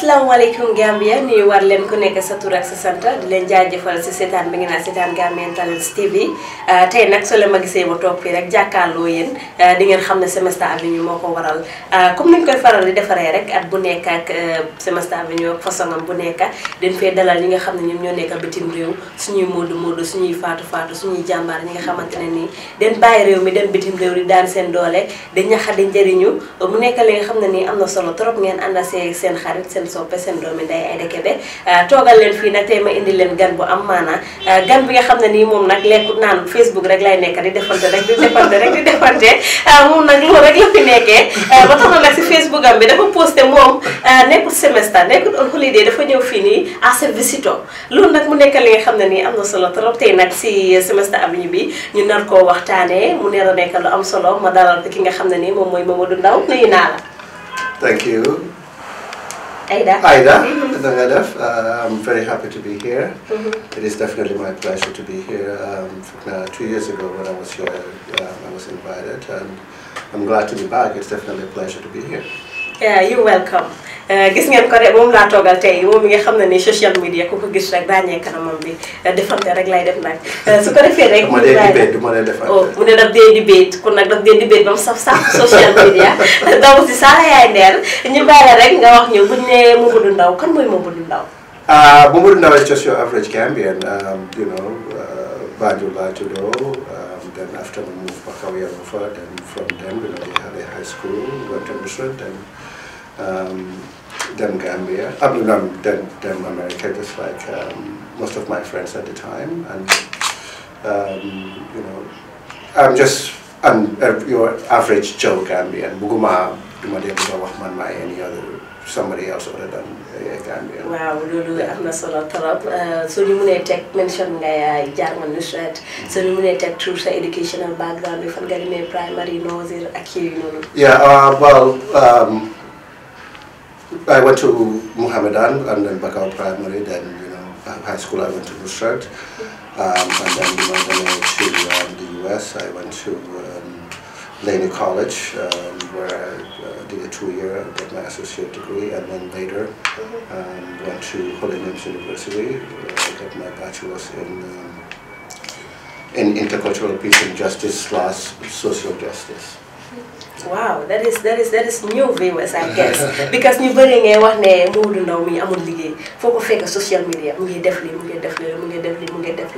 assalamualaikum Gambia nuyu war len ku nek sa tour ak sa centre di len jajeufal ci setan bi ngeen setan gambia Gambian TV uh, tey nag soo leen ma gisee ma top fi rek jakarlo yeen uh, di ngeen xamne Semester Avenue moko ko waral uh, comme niñ koy faral di defare rek at bu nek ak Semester Avenue ak façonam bu nek den fe dalal ñi nga xamne ne ñoo nek bitim rew suñuy modou modou suñuy faatu faatu suñuy jambar ñi nga xamantene ni den baye rew mi den bitim rew di daan sen doole de ñaxa di jeriñu mu nek li nga xamne ni amna solo trop ngeen anda sen xarit sen. soppe seen doomi nday Aida Kébé euh, toogal leen fii nag tey ma indi leen gan bu am maanaa euh, gan bi nga xam ne nii moom nag lekkut naan Facebook rek lay nekk di defante rek di defante rek di defante euh, moom nag loolu rek la fi nekkee ba tax na bi dafa posté moom nekkut semestre nekkut on holiday dafa ñëw fii nii à sa visiteur loolu nag mu nekk li xam ne nii am na solo trop tey nag si semestre avenue bi ñu nar koo waxtaanee mu nar nekk lu am solo ma dalal ki nga xam ne nii moom mooy Mamadou Ndaw nuyu naa la. thank you. Aida. Aida, mm the head of. Uh, I'm very happy to be here. Mm -hmm. It is definitely my pleasure to be here. Um, uh, two years ago when I was here, uh, I was invited and I'm glad to be back. It's definitely a pleasure to be here. Yeah, you're welcome. Eh, gis ngeen ko de moom laa toogal tey moom mi nga xam ne ni social media ku ko gis rek ràññee kanamam bi eh, defante rek lay def nag eh, su ko defee rek. dama dee debate dama dee defante oh mu ne daf dee debate kon nag daf dee debate ba mu saf saf social media donc si Sala Yaay Nder ñu bàyyi rek nga wax ñu buñ ne Momodou Ndao kan mooy Momodou Ndao. Ah, Momodou Ndao is just your average Gambian um, you know uh, Banjul laa juddoo um, then after we moved a high school, went to um, them Gambia, I mean, um, them, them America, just like um, most of my friends at the time. And, um, you know, I'm just an uh, your average Joe Gambian. Buguma, you might Wahman, my any other somebody else other than a uh, Gambian. waaw i am not na solo trop uh, So you mënee teg mention nga jaar nga So you ñu mënee teg tout sa educational background bi fan nga demee primary nursery ak yooyu noonu. yeah uh, well. Um, I went to Muhammadan and then Bakau Primary, then you know high school I went to Nusrat, um, and then you know then I to um, the US. I went to um, Laney College um, where I uh, did a two-year, got my associate degree, and then later um, went to Holy Names University, where I got my bachelor's in um, in intercultural peace and justice slash social justice. Wow, that is that is that is new viewers I guess because new viewers ngay wax ne Modou know me, I'm foo ko fekk social media mu ngi def lii definitely, ngi definitely, lii mu ngi def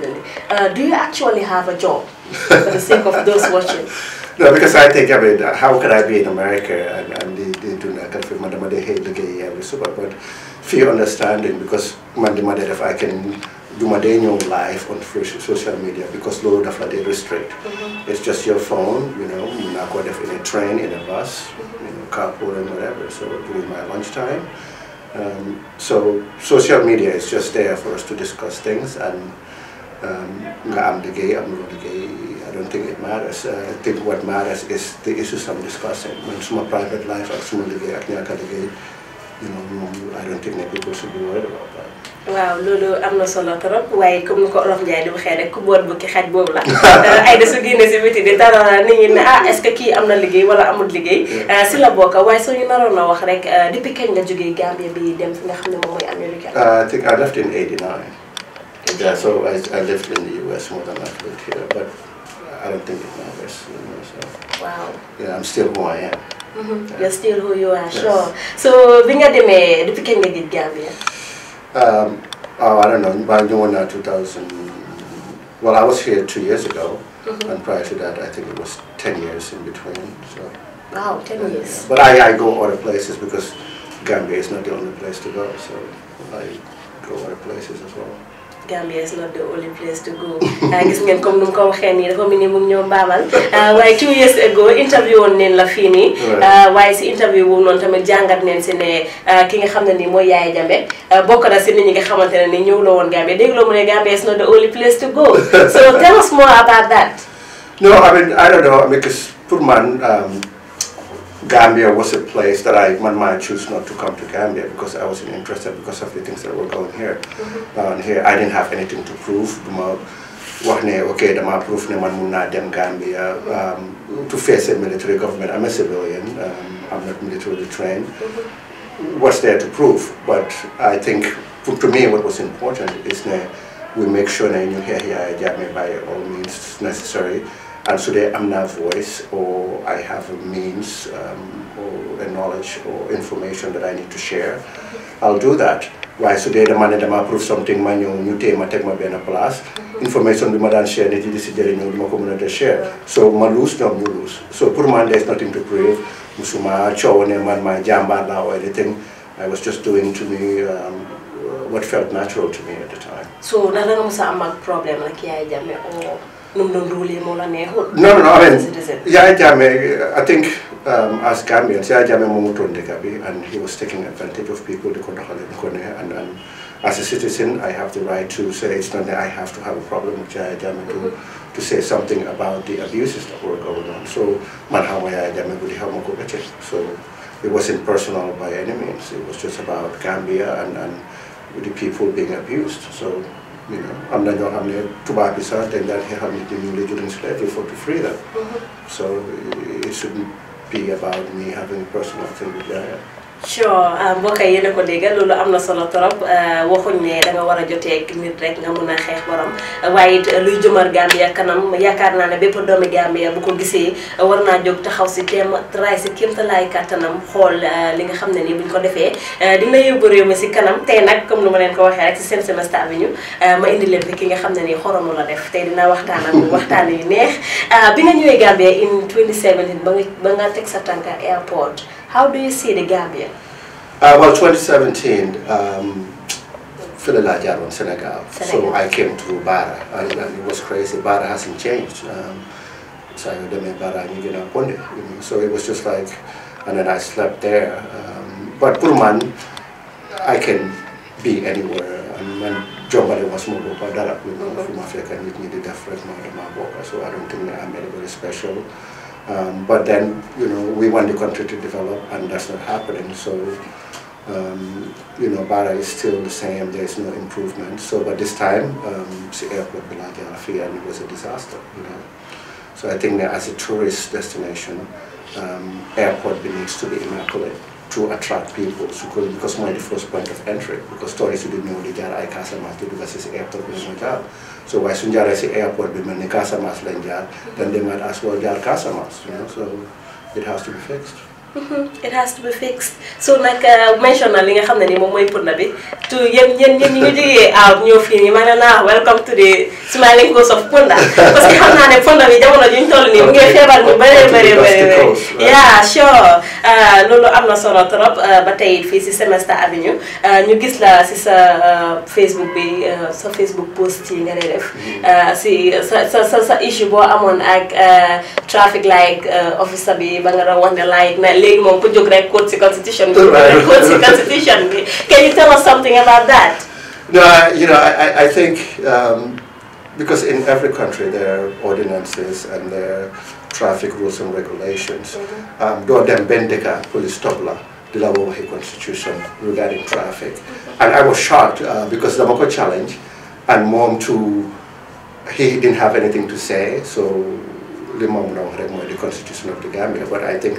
uh, do you actually have a job for the sake of those watching no because I think I mean how can I be in America and and di di dund ak fi ma dama dee xëy liggéey every super, but fii understanding because my dama dee if I can juma day ñëw life on social media because loolu daf la dee restrict mm-hmm. it's just your phone you know mun naa in a train in a bus mm-hmm. you know carpool and whatever so during my lunchtime, um, so social media is just there for us to discuss things and um, I'm the gay, I'm not the gay, I don't think it matters. Uh, I think what matters is the issues I'm discussing. When it's my private life, I'm the gay, I'm the gay, you know, I don't think that people should be worried about that. waaw loolu am na solo trop waaye comme ni ko Olof Ndiaye di waxee rek ku boot bukki xaj boobu la Aïda eh, su génne si biti di tara nit ñi ne ah est ce que kii am na liggéey wala amul liggéey eh, si la bokk waaye soo ñu naroon a wax rek eh, depuis kañ nga jógee Gambia bi dem fi nga xam ne moom mooy Amérique ah, I think I left in 89 yeah so I, I lived in the US more than I lived here but I don't think it matters you know, so wow yeah I'm still who I am mm -hmm. yeah. you're still who you are yes. sure so bi nga demee depuis kañ nga gis Gambia Um, oh, I don't know, by doing that 2000, well, I was here two years ago, mm -hmm. and prior to that, I think it was 10 years in between. So. Wow, 10 years. Yeah. But I, I go other places because Gambia is not the only place to go, so I go other places as well. Gambia is not the only place to go ah, gis ngeen comme nu mu ko waxee nii dafa mel ni moom ñoo mbaamal ah, waaye two years ago interview woon neen la fii nii ah, waaye si interview boobu noonu tamit jàngat neen si ne ki nga xam ne nii mooy Yaya Jammeh bokk na si nit ñi nga xamante ne nii ñëw la woon Gambia dégg loo mu ne Gambia not the only place to go so tell us about that no I I don't know I mean, because pour man um, Gambia was a place that I, might choose not to come to Gambia because I wasn't interested because of the things that were going here. And mm-hmm. here I didn't have anything to prove. wax ne ok proof ne man dem Gambia um, to face a military government I'm a civilian um, I'm not militarily trained mm-hmm. what's there to prove but I think to me what was important is ne we make sure ne you hear here Jammeh by all means necessary and so they I'm not voice or I have a means um, or a knowledge or information that I need to share, I'll do that. waaye su dee dama ne dama approve something my ñëw ñu téye ma teg ma benn plus. information bi ma daan share nit yi di si jëriñoo du ma ko mën a share so ma lose ñoom ñu lose so pour man there's nothing to prove musuma coow ne man ma jàmbaar laa or anything I was just doing to me um, what felt natural to me at the time. so ndax da nga a problem like problème ak yaay no, no, ruulee moo la neexul. I mean I think um, as Gambians Yaya Jammeh moo mutoon dëkk and he was taking advantage of people di ko doxalee di ko ne and and as a citizen I have the right to say it's not that I have to have a problem with Yaya Jammeh to to say something about the abuses that were going on so man xaw ma Yaya Jammeh guddi xaw so it wasn't personal by any means it was just about Gambia and and the people being abused so am na ñoo xam ne tubaab bi sax dañ daan xeexal nit ñi ñu ngi lay jëriñ slavery for to free them. Mm-hmm. so it shouldn't be about me having a personal thing with Yaya. sure ah, mbokk yi a ko déggal loolu am na solo trop ah, waxuñ ne da war a jotee nit rek nga mun a xeex borom waaye luy luy jëmar Gambia kanam yaakaar naa ne bépp doomi Gambia bu ko gisee war naa jóg taxaw si teem tray si kéemtalaay kàttanam xool ah, li nga xam ne ni buñ ko defee dina yóbbu réew mi si kanam tey nag comme nu ma leen ko waxee rek si seen semestre bi ñu ma indi leen fi ki nga xam ne ni xoromu a def tey dina waxtaan ak waxtaan yu neex bi nga ñëwee Gambia in 2017 ba nga ba nga teg sa tànka airport How do you see the Gambia? Uh, well, 2017, um, Philalajar on Senegal. Senegal. So I came to Bara, and, and it was crazy. Bara hasn't changed. Um, so I Bara you know, so it was just like, and then I slept there. Um, but Puruman, I can be anywhere. And when John was more about that, you uh, know, from Africa, and you need a different amount of my work. So I don't think I'm anybody special. Um, but then, you know, we want the country to develop, and that's not happening. So, um, you know, Bara is still the same. There's no improvement. So, but this time, um, the airport Bilagi and it was a disaster. You know, so I think that as a tourist destination, um, airport needs to be immaculate to attract people so because, because my first point of entry because tourists didn't know they got I Casa Matu because it's airport was not job so why suñ jaaree say airport bi mel ni Casamance Then they dañ demaat as well jaar Casamance you know so it has to be fixed it has to be fixed so nag uh, mention na li nga xam ne ni moom mooy purna bi to yéen yéen yéen ñi out ñoo fii nii ma ne naa welcome to the smiling coast of Punda parce que xam naa ne Punda bi jamono juñ toll nii mu ngi feebar ñu bëree bëree bëri yeah sure uh, loolu am na solo trop uh, ba tey fii si Semester Avenue ñu gis la si sa Facebook bi sa Facebook post yi nga ne def mm-hmm. si sa sa sa issue boo amoon ak traffic light officer bi ba nga doon wax ne constitution constitution Can you tell us something about that? No, I, you know, I, I think um, because in every country there are ordinances and there are traffic rules and regulations. Mm-hmm. Um, Do dem bendeka, police stop the di la constitution regarding traffic. Mm-hmm. And I was shocked uh, because dama ko challenge and mom too he didn't have anything to say so the moom the constitution of the Gambia but I think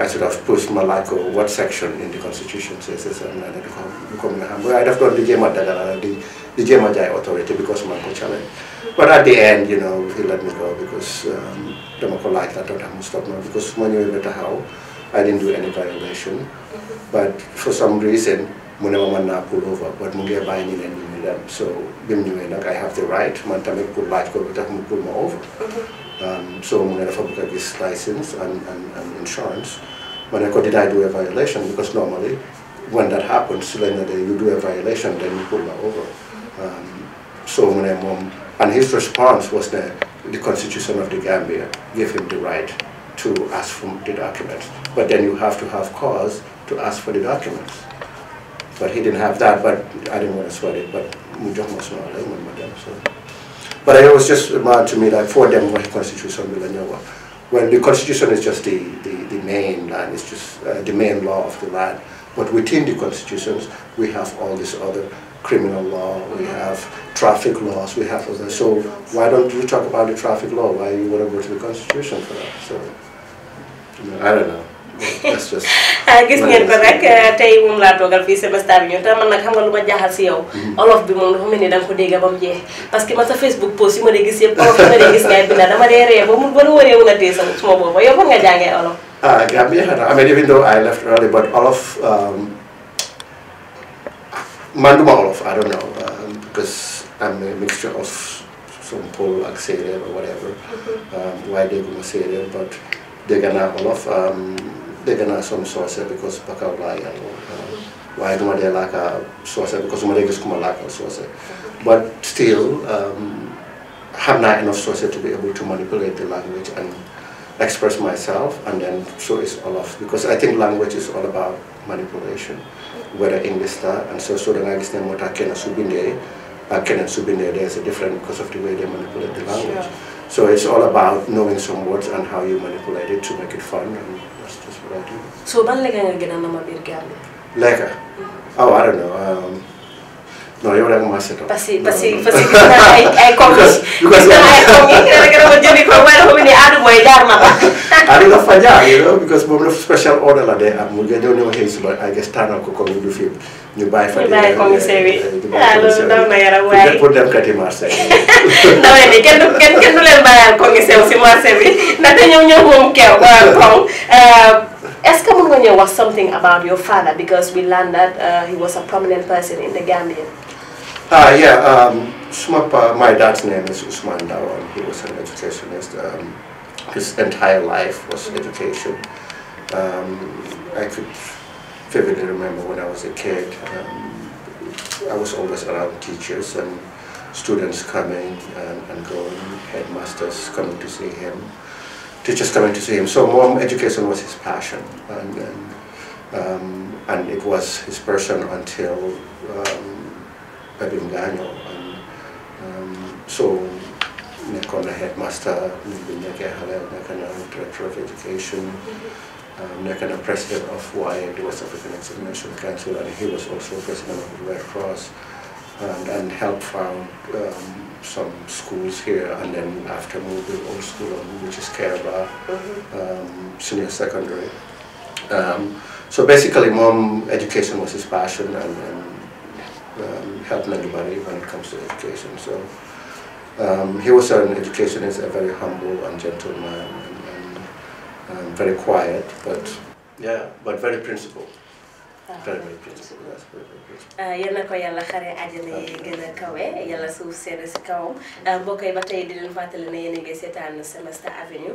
I should have pushed Malako. what section in the constitution says this and that becoming a hamburger. I'd have done the Jema Dagala, the, the Jema Jai authority because Manko challenge. But at the end, you know, he let me go because um, Demoko liked that I must stop now because money was better how. I didn't do any violation. But for some reason, Munema na pull over, but Mungia buying in and them. So, Bim I have the right, Mantamik pull light, go, but I pull me over. Um, so Munera gives license and, and, and insurance. Maneko did I do a violation? Because normally when that happens, then you do a violation, then you pull over. over. Um, so Munera and his response was that the constitution of the Gambia gave him the right to ask for the documents. But then you have to have cause to ask for the documents. But he didn't have that, but I didn't want to sweat it, but so. But I always just remind uh, to me that for democratic constitution, when the constitution is just the, the, the main line, it's just uh, the main law of the land. But within the constitutions, we have all these other criminal law, we mm-hmm. have traffic laws, we have other. So why don't you talk about the traffic law? Why you want to go to the constitution for that? So I don't know. gis ngeen ko nag eh, tey moom laa toogal fii Sébastien bi ñu te man nag xam nga lu ma jaaxal si yow mhm. olof bi moom dafa mel ni da nga ko dégg ba mu jeex parce que man sa Facebook post yi ma dee gis yëpp olof yi ma dee gis ngay binda dama dee ree ba mu ba nu waree mun a tee sama suma booba yow fan nga jàngee olof ah Gambia I mean even though I left early but olof um, man duma olof I don't know because um, I'm a mixture of some Pole ak séeréer or whatever mhm. um, waaye dégguma séeréer but dégg naa olof um, peganaa som soose because pakaw laa yalo waaye duma dee laaka soose because duma dee gis like a soose but still um, have not enough sources to be able to manipulate the language and express myself and then so is Olaf because I think language is all about manipulation whether English that and so so the language name what Akena Subinde Akena uh, Subinde there's a different because of the way they manipulate the language sure. so it's all about knowing some words and how you manipulate it to make it fun and So ban lekka a nama biir Gambia. lekka. Mm-hmm. oh I don't know um, non yow rek ma seetoo. ay ay kooku. gis ay kooku yi nga xam special order la day am mu ngi doon ñëw xëy suba ay gis tànnal ko comme du film ñu bàyyi fa. ñu bàyyi commissaire bi ah loolu daw na yaram waaye pour dem kati marché. ndaw ya ni kenn du kenn kenn du leen bàyyi commissaire si marché bi ndaxte ñoom ñoo moom keew Eska ce was something about your father because we learned that uh, he was a prominent person in the Gambia. Ah, yeah, um, my dad's name is Usman Dawa he was an educationist. Um, his entire life was education. Um, I could vividly remember when I was a kid, um, I was always around teachers and students coming and, and going, headmasters coming to see him teachers coming to see him. So mom, education was his passion, and and, um, and it was his person until um, Pepe And um, so nekona headmaster, nekana nekana director of education. Um, Nekana president of YA, the West African Examination Council, and he was also president of the Red Cross and, and help found um, some schools here and then after moved the old school um, which is Kerba mm -hmm. um, Senior Secondary. Um, so basically mom education was his passion and, and um, helping anybody when it comes to education. So um, he was an educationist, a very humble and gentle man and, and very quiet but yeah, but very principled. yal na ko yàlla xare àjjana yi gën a kawe yàlla suuf sedd si kawam mbokk yi Semester Avenue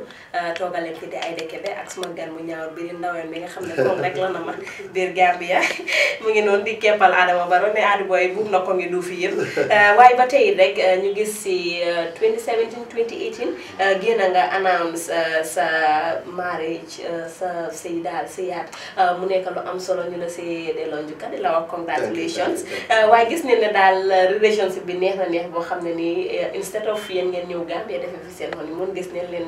toogaleen fi di ay dëkk be ak suma gan mu ñaawar bi di ndaween bi nga xam ne koom rek la na ma biir Gambia Boy buub na ko du fi yëpp waaye ba tey si 2017 2018 génn nga announce eh, sa marriage eh, sa sëy daal sëyaat mu am solo ñu si commencé delloo njukkal congratulations uh, waaye gis nañ ne relations uh, relationship bi neex na neex boo xam ne uh, instead of yéen ngeen ñëw Gambia defee fi seen honeymoon gis nañ leen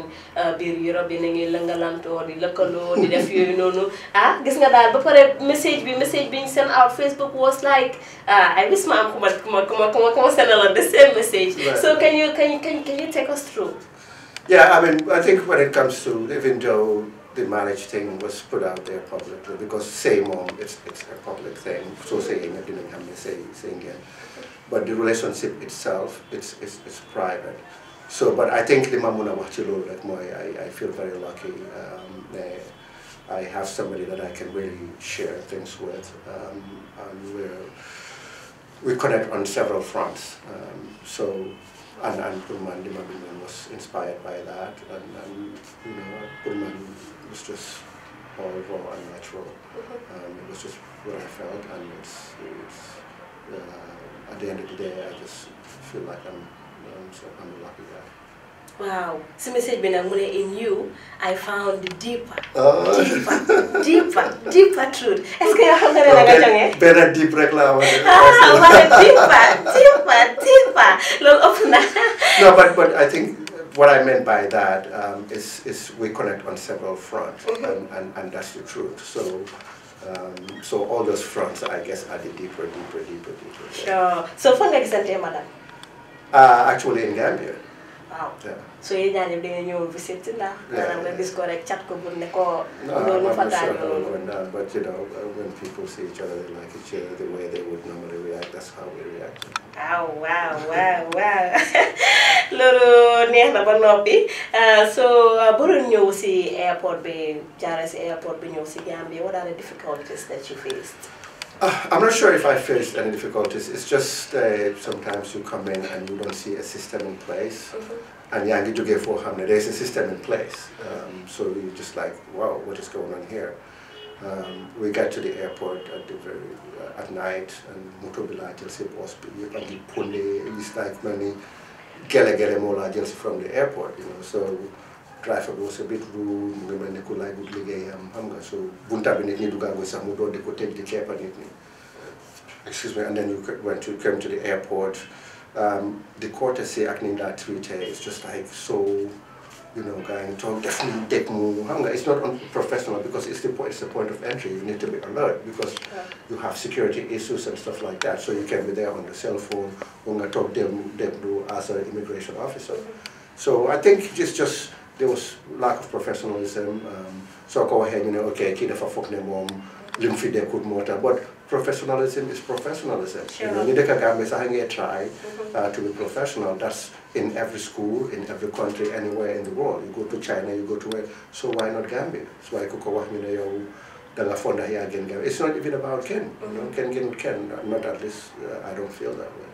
biir Europe yi na ngi "Lengalanto, di lëkkaloo di def yooyu noonu ah gis nga daal ba pare message bi message bi ñu seen out Facebook was like ah I wish ma am ku ma ku ma ku ma the same message so can you can you can you take us through Yeah, I mean, I think when it comes to, even though the marriage thing was put out there publicly because same home, it's, it's a public thing, so mm-hmm. saying it didn't have me say, saying it. But the relationship itself, it's, it's, it's private. So, but I think the mamuna wachilo that my, I, I feel very lucky. Um, I have somebody that I can really share things with. Um, and we're, we connect on several fronts. Um, so and, and Purman was inspired by that and, and you know, Purman was just all raw and natural. Mm-hmm. Um, it was just what I felt and it's, it's uh, at the end of the day I just feel like I'm, I'm, so, I'm a lucky guy. Wow. Si message bi nag in you I found deeper. Ah. deeper deeper deeper truth. est ce que yow xam nga ne la nga jógee. benn deep rek ah waaye deeper deeper deeper loolu ëpp na. no but but I think what I meant by that um, is is we connect on several fronts. Mm -hmm. and, and and that's the truth. So. Um, so all those fronts, I guess, are the deeper, deeper, deeper, deeper. Sure. So, for next Sunday, madam. Uh, actually, in Gambia waaw so yee ñaani bi ñëw visit lah. na maanaam nga gis ko rek cat ko bu ne ko loolu fa daal loolu but you know when people see each other they like each other the way they would normally react that's how we react Wow! Wow! Wow! Wow! Lulu, neex na ba noppi so bu doon ñëw si airport be, jaaree si airport be, ñëw si Gambia what are the difficulties that you faced uh, I'm not sure if I faced any difficulties. It's just uh, sometimes you come in and you don't see a system in place. Mm -hmm. And Yangi Juge for how There's a system in place. Um, so you're just like, wow, what is going on here? Um, we get to the airport at the very uh, at night and motobila Chelsea was Pune, East Lake Money, Gele Gele Mola Chelsea from the airport, you know. So trafic was a bit rude. mu ngi mel ne ku laay wut so bunta bi nit ñi duggaango sax mu doon di ko tëj di ceepa nit ñi excuse me and then you went to came to the airport um, the courtesy say acting that treated is just like so you know going ngi definitely take mu dégg it's not unprofessional because it's the point it's the point of entry you need to be alert because you have security issues and stuff like that so you can be there on the cell phone or nga toog them dem as an immigration officer mm-hmm. so I think just just there was lack of professionalism. Um, so I go ahead, you know, okay, kid if I fuck them mom, lymphy they could motor. But professionalism is professionalism. Sure. You know, you take a try mm-hmm. uh, to be professional. That's in every school, in every country, anywhere in the world. You go to China, you go to where, so why not Gambia? So why could go with me, you danga fonda here again. It's not even about Ken, you know, mm-hmm. Ken, Ken, Ken. Not at least, uh, I don't feel that way.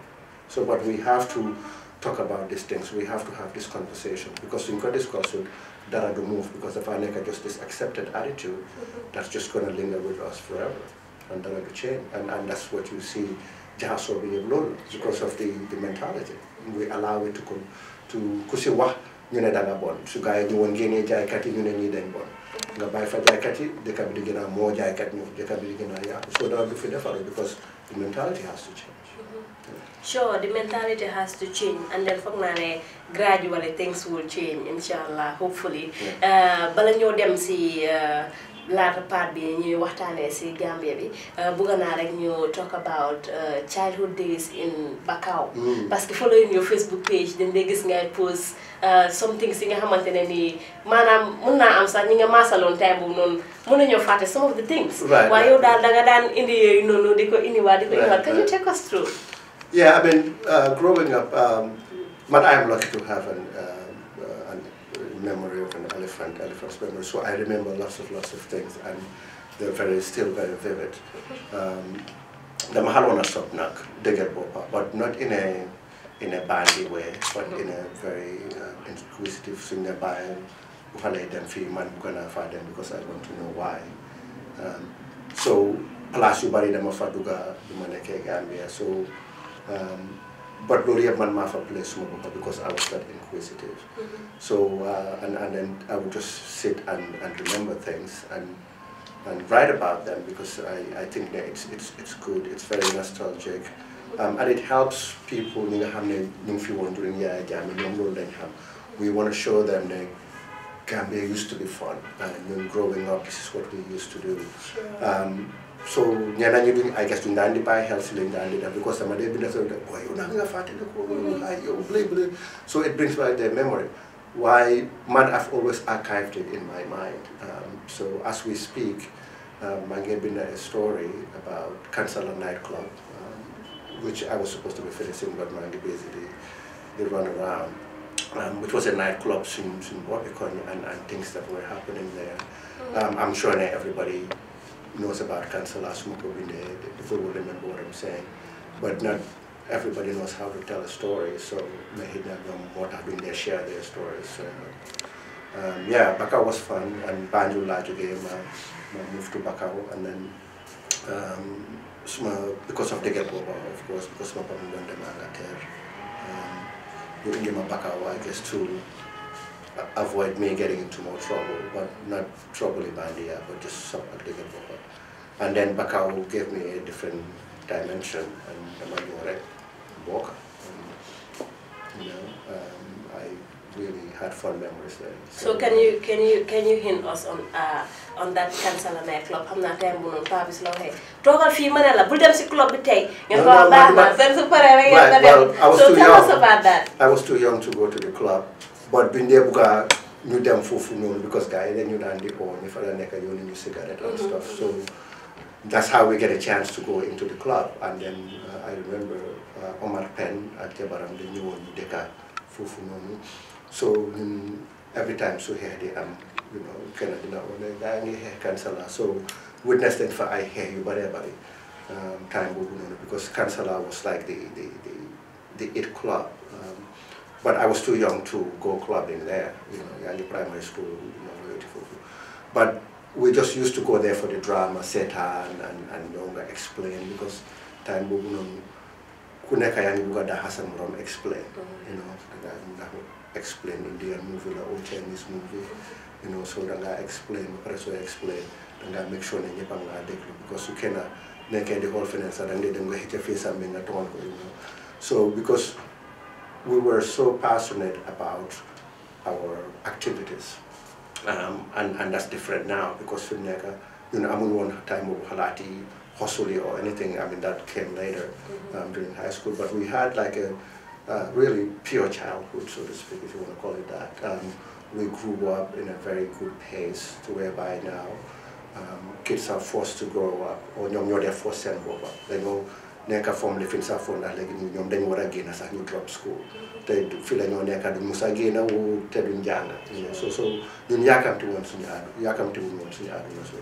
So, but we have to talk about these things. We have to have this conversation because in got this discussion that are the move because if I make just this accepted attitude, that's just going to linger with us forever and that will be changed. And, and that's what you see Jaso being blown because of the, the mentality. We allow it to come to kusiwa ñu ne da nga So su you want ñu woon génnee jaaykat yi ñu ne ñii dañ bon nga bàyyi fa jaaykat yi dëkk bi di gën a moo jaaykat ñu dëkk bi di gën a yàqu soo dara du fi defaru because the mentality has to change. sure the mentality has to change and then foog naa ne gradually things will change incha allah hopefully uh, bala ñoo dem si uh, latter part bi ñuy waxtaanee si Gambia bi uh, bugga naa rek ñu talk about childhood days in Bakau. Mm. parce que following your Facebook page dañ dee gis ngay post something yi nga xamante ne nii maanaam mun naa am sax ñi nga maasaloon time boobu noonu mun nañoo fàtte some of the things. waaye yow daal da nga daan indi yooyu noonu di ko indiwaat Yeah, I mean, uh, growing up, um, but I'm lucky to have an, uh, uh memory of an elephant, elephant's memory. So I remember lots of lots of things, and they're very still very vivid. Um, the Mahalona Sopnak, Degerbopa, but not in a in a bandy way, but in a very uh, inquisitive singer by Uhaleden Feeman Bukana them because I want to know why. Um, so, Palasu Bari Damafaduga, Dumaneke Gambia. So, um, but Gloria Manmafa plays Mugumba because I was that inquisitive. Mm -hmm. So, uh, and, and then I would just sit and, and remember things and, and write about them because I, I think that it's, it's, it's good, it's very nostalgic. Um, and it helps people, we want to show them that Gambia used to be fun and growing up, this is what we used to do. Um, so ñeneen ñi duñ ay guess duñ daan di bàyyi xel si lañ daan di def because sama day bind sa def waaye yow naka nga fàttali ko ay so it brings back the memory why man I've always archived it in my mind um, so as we speak maa um, ngi a story about Kansala nightclub um, which I was supposed to be finishing but maa basically, they run around um, which was a nightclub in, in Barbican and, and things that were happening there mm. um, I'm sure everybody knows about Council Asmukobine, the full remember what I'm saying, but not everybody knows how to tell a story, so they share their stories. So, um, yeah, Bakau was fun, and Banjo Laju game, I moved to Bakau, and then um, uh, because of the gap of course, because my family went to Mangater, um, to Bakau, I guess, to avoid me getting into more trouble, but not trouble in Bandia, but just something like the trouble. And then Bacau gave me a different dimension and Emmanuel Walker. And, you know, um, I really had fun memories there. So, so can you can you can you hint us on uh, on that Kansala Mare club? I'm not time bunun pabis la So tell young. us about that. I was too young to go to the club. But bin knew them ñu dem because gars yi dañu daan di oo ñu fa la nekk cigarette and mm-hmm. stuff. So that's how we get a chance to go into the club. And then uh, I remember uh, Omar Penn at Jabaram, the new one, Deka Fufunomu. So um, every time so here they am, you know, kind of one hair Kansala. So witness that for I hear you, but um, time because Kansala was like the, the, the, the it club. Um, but I was too young to go clubbing there, you know, in the primary school, you know, But we just used to go there for the drama set and, and, and longer explain because time Bugunum Kuneka and Gugada Hassan Rom explain, mm-hmm. you know, and explain Indian movie or oh, Chinese movie, you know, so that I explain, so I explain, and I make sure that you because you can make the whole finance and then go hit your face and being at all, you know. So because we were so passionate about our activities. Um, and and that's different now because fi you know, I'm one time boobu xalaat yi hustle or anything I mean that came later mm-hmm. um, during high school but we had like a really pure childhood so to speak if you want to call it that um, we grew up in a very good pace to whereby now kids are forced to grow up or ñoom ñoo def force seen booba dañoo nekk a form lifin sax foofu ndax léegi ñoom dañu war a génn sax ñu drop school mm-hmm. te fi la ñoo nekk du musa génn wu te duñ jàng so so ñun yaakamti woon suñu aadu yaakamti wuñ woon suñu aadu na so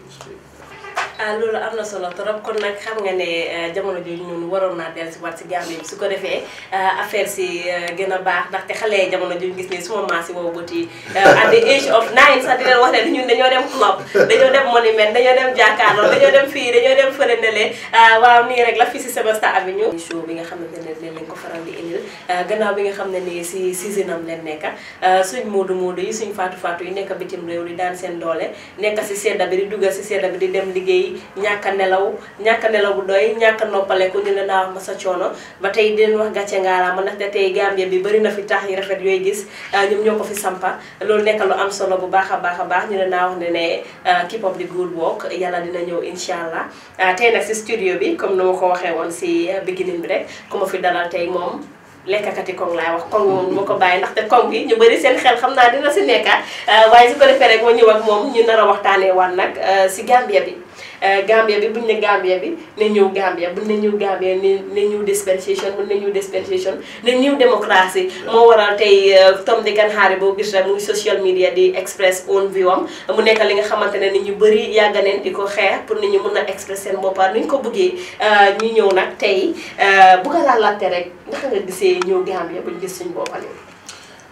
ah loolu am na solo trop kon nag xam nga ne euh, jamono jooju ñun waroon naa dellu si waat si Gambie bi su ko defee euh, affaire si euh, gën a baax ndaxte xale jamono jooju gis ne suma maas yi wow bët yi at the age of nine sax di leen wax ne ñun dañoo dem club dañoo dem fii dañoo dem fële ne le ah, waaw nii rek la fii si Semester Avenue show bi nga xamante ne leen lañ ko faral di ah, bi nga xam ne nii si season am leen nekk ah, suñ moodu moodu yi suñ faatu faatu yi nekk bitim réew di daan seen doole nekk si sedda bi di duggal si sedda bi di dem liggéey ñàkk a nelaw ñàkk a nelaw bu doy ñàkk a noppale ku ñu leen a wax ma sa coono ba tey di leen wax gàcce ngaalaama ndaxte tey Gambia bi bari na fi tax yi rafet yooy gis ah, ñoom ñoo ko fi sampa loolu nekk lu am solo bu baax a baax a baax ñu leen a wax ne ne ah, keep up the good work yàlla dina ñëw incha allah ah, tey nag si bi comme nu ma ko waxee woon si beginning bi rek ku ma fi dalal tey moom lekkakati koŋ laay wax koŋ moom ma ko bàyyi ndaxte koŋ bi ñu bëri seen xel xam naa dina si nekka waaye su ko defee ñëw moom ñu nar a waxtaanee waan nag si Gambia bi Euh, Gambia bi buñ ne Gambia bi ne ñëw Gambia buñ ne ñëw Gambia ne ne ñëw dispensation buñ ne ñëw dispensation ne ñëw démocratie moo waral tey euh, Tom Dick and Harry boo gis rek muy social media di express own view am mu nekk li nga xamante ne nit ñu bëri yàgg di ko xeex pour nit ñu mun a express seen boppam ni ñu ko bëggee euh, ñu ñëw nag tey bu ko laa rek ndax nga gisee ñëw Gambia buñ gis suñu boppam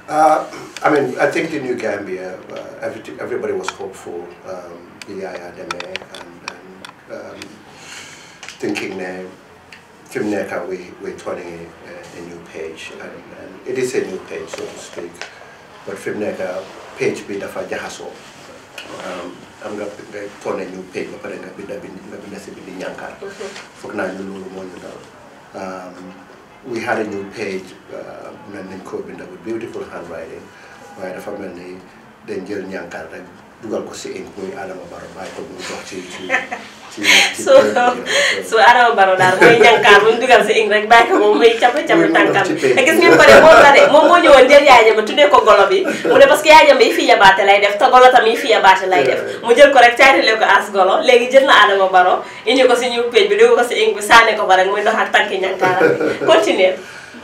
Uh, I mean, I think in New Gambia, uh, every, everybody was um, um, thinking now, from NECA we, we're turning a, uh, a new page, and, and, it is a new page, so to speak. But from NECA, page bit of um, a jahaso. i am going to turn page new page, but binda bind going to si bindi ñànkaar foog naa ñu loolu moo ñu dal we had a new page mel nañ koo binda bu beautiful handwriting waaye the mel ni dañ jël ñànkaar dugal ko si Adama ko ci ci so so Adama dugal si rek ko tànkam gis ngeen ko de la de ko golo bi mu ne parce que fi lay def golo tam fi lay def mu jël ko rek ko as golo jël na Adama indi ko si ñu page bi dugal ko si bi ko ba rek tànki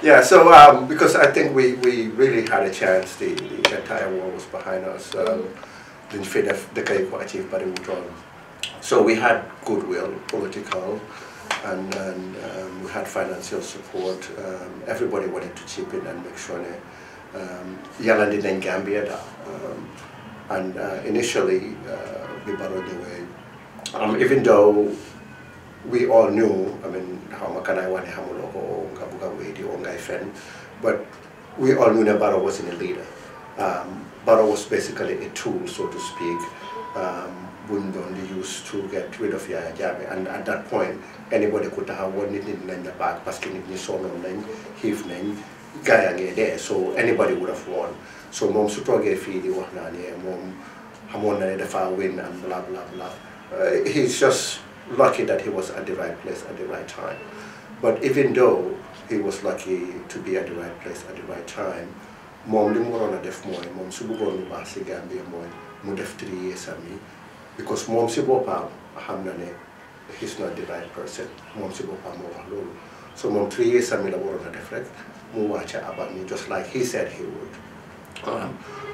Yeah, so um, because I think we, we really had a chance. The, the entire world was behind us. Um, liñ fi def dëkka yi ko achieve bari mu toll so we had goodwill political and, and um, we had financial support um, everybody wanted to chip in and make sure ne yàlla ndi nañ Gambia and uh, initially we Barrow ñëwee um, even though we all knew, I mean, how can I want to hamuloko, ngabuga wedi, ongai fen, but we all knew Nabarro wasn't a leader. Um, Barrow was basically a tool, so to speak, um, only used to get rid of Yaya Jammeh. And at that point, anybody could have one nit in the back, because que nit ñi sonnoon nañ, xiif nañ, gaa so anybody would have won. So Mom su gave fii di wax naa ne win and blah blah blah. Uh, he's just lucky that he was at the right place at the right time. But even though he was lucky to be at the right place at the right time, Mom li mu waroon a def mooy mom. su bëggoon lu baax si Gambie mooy mu def three years am yi because moom si boppam xam ne he's not the right person moom si boppam moo wax loolu so Mom three years am yi la waroon a def rek mu wàcce abam yi just like he said he would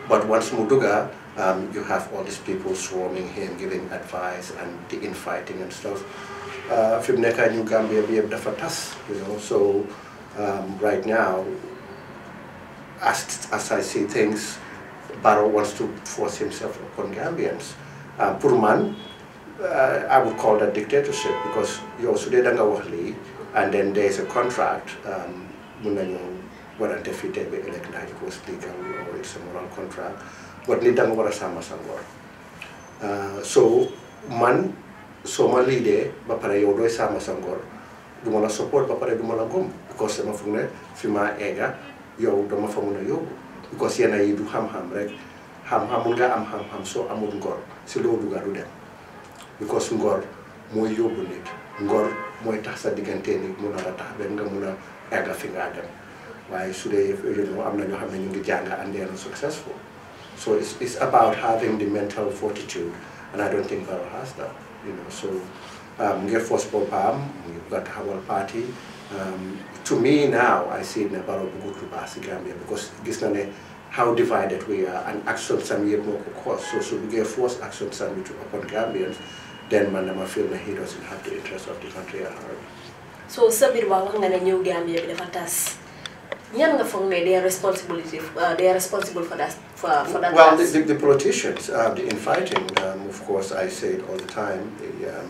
but once Muduga, um, you have all these people swarming him, giving advice and the infighting and stuff. Fibneka uh, New Gambia, we have the fatas, you know, so um, right now as, as I see things, Barrow wants to force himself upon Gambians. Uh, Purman, uh, I would call that dictatorship because you're Sudedanga Wahli, and then there's a contract, um, warante fi teɓe elect naji ko legal or it's a moral contract wat need dang wara sama sangor uh, so man so ma lide ba para yodo doy sama sangor duma la support ba para duma la gom because sama fugne fi ma ega yow dama fa mën a yóbbu because yenn yi du xam-xam rek xam-xam nga am xam-xam so amul ngor si loo dugga du dem because ngor moy yóbbu nit ngor moy tax sa digante nit mu na tax ben nga fi nga dem waye su am na ñu ñu ngi jàng and they successful so it's, it's about having the mental fortitude and I don't think that has that you know so um, ngir force boppam mu ngi bugg a taxawal Um, to me now, I see Nabaro Bugutu Basi Gambia because this is how divided we are and actually, some year course. So, so we get forced action some to upon Gambians, then Manama feel that he doesn't have the interest of the country at heart. So, Sabir Wawangana New Gambia, the Fatas. Nyam nga they are responsibility. Uh, they are responsible for that. For, for that well, the, the, the, politicians, uh, the infighting. Um, of course, I say it all the time. The, um,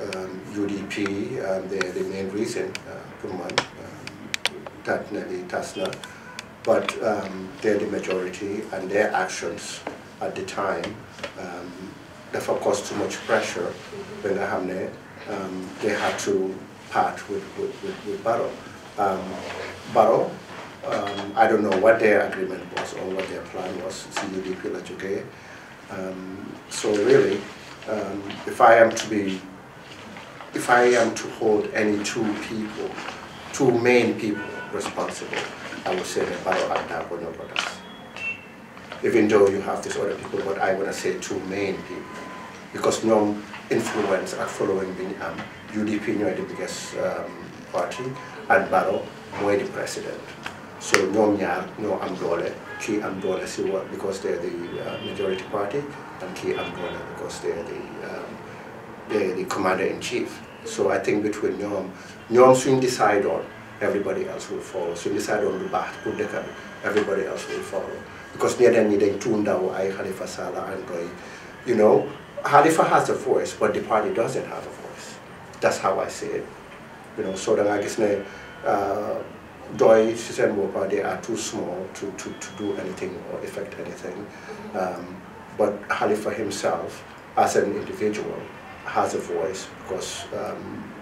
UDP, the, the main reason for mine, definitely Tasna, but um, they're the majority and their actions at the time um, therefore caused too much pressure when um, they had to part with, with, with, with Barrow. Um, um, I don't know what their agreement was or what their plan was, CUDP Um, so really, um, if I am to be if I am to hold any two people, two main people responsible, I would say the bioactive or no brothers. Even though you have these other people, but I want to say two main people. Because no influence are following being um, UDP, is the biggest um, party, and Baro, more the president. So no Nyar, no Amdole, Ki Amdole because they're the uh, majority party, and Ki Amdole because they're the um, the, the commander-in-chief. So I think between ñoom ñoom suñ decide on everybody else will follow suñ decide on the baax everybody else will follow because ñeneen ñi dañ tuur ndaw ay and you know Khalifa has a voice but the party doesn't have a voice that's how I see it you know so then I guess, ne uh, Roy si seen boppa they are too small to to to do anything or affect anything mm-hmm. um, but Halifa himself as an individual has a voice because um,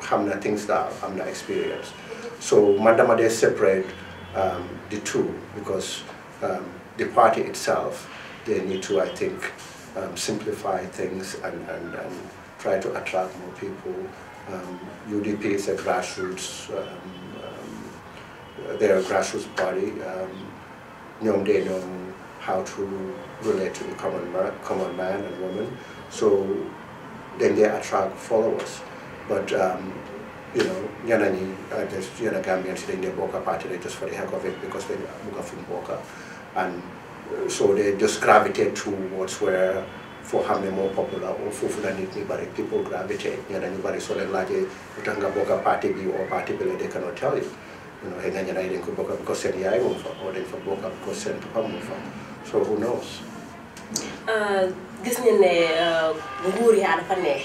Hamna thinks that Hamna experienced. So Mandamade separate um, the two because um, the party itself, they need to, I think, um, simplify things and, and, and, try to attract more people. UDP um, is a grassroots, um, um, they're a grassroots party. Um, they know how to relate to the common man, common man and woman. So then they attract followers. But um, you know, Yanani, uh, there's Yana Gambians in the Boka party they just for the heck of it because they are Buka from Boka. And uh, so they just gravitate towards where for Hamne more popular or Fufunani but people gravitate. Yana Nibari so then like Utanga Boka party be or party B, they cannot tell you. You know, Hena Yana not boka because then I move or they for Boka because then to Hamufa. So who knows? Uh, gis nañ ne euh, nguur yaa dafa neex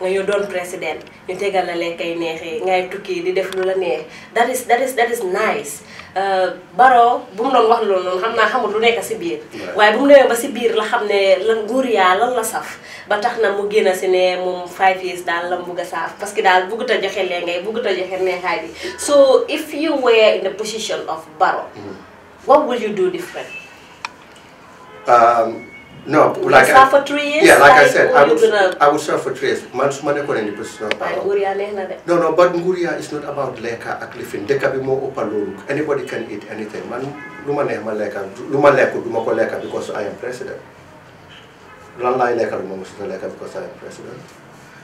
nga yow doon président ñu tegal la kay neexee ngay tukki di def lu la neex that is that is that is nice euh, baro bu mu doon wax loolu noonu xam naa xamul lu nekk si biir waaye bu mu demee ba si biir la xam ne nguur yaa lan la saf ba tax na mu génn si ne moom five years daal la mu bugg a saaf parce que daal buggut a joxe lee ngay buggut a joxe neexaay bi so if you were in the position of baro mm. what will you do different um, No, like serve I, for three years. Yeah, like, like I said, I would, I would serve for three years. Mansumane any personal power. No, no, but nguria is not about leka They can be more open Anybody can eat anything. Man, luma ne ma leka, luma leko, luma ko leka because I am president. Lan lai leka luma musuta leka because I am president.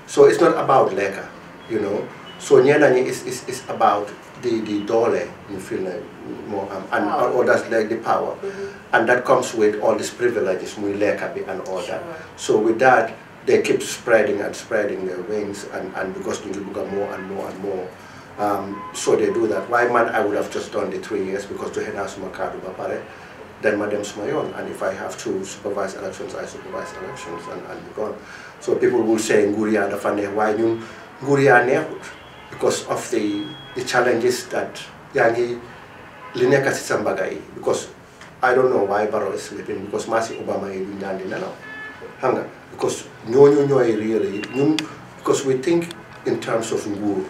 So it's not about leka, you know. So Nyanani is, is, is about the, the dollar in Finland more, um, and wow. that's like the power. Mm -hmm. And that comes with all these privileges, Muilekabi and all sure. that. So with that, they keep spreading and spreading their wings and, and because Ngibuga more and more and more. Um, so they do that. Why man, I would have just done the three years because to head house Makadu Bapare, then Madam Smayon. And if I have to supervise elections, I supervise elections and, and gone. So people will say Nguria Dafane, why you Nguria Nehut? because of the, the challenges that Yangi Lineka Sitsambagai, because I don't know why Barrow is sleeping, because Masi Obama is in now. Hanga, because no, no, no, really, no, because we think in terms of Ngur,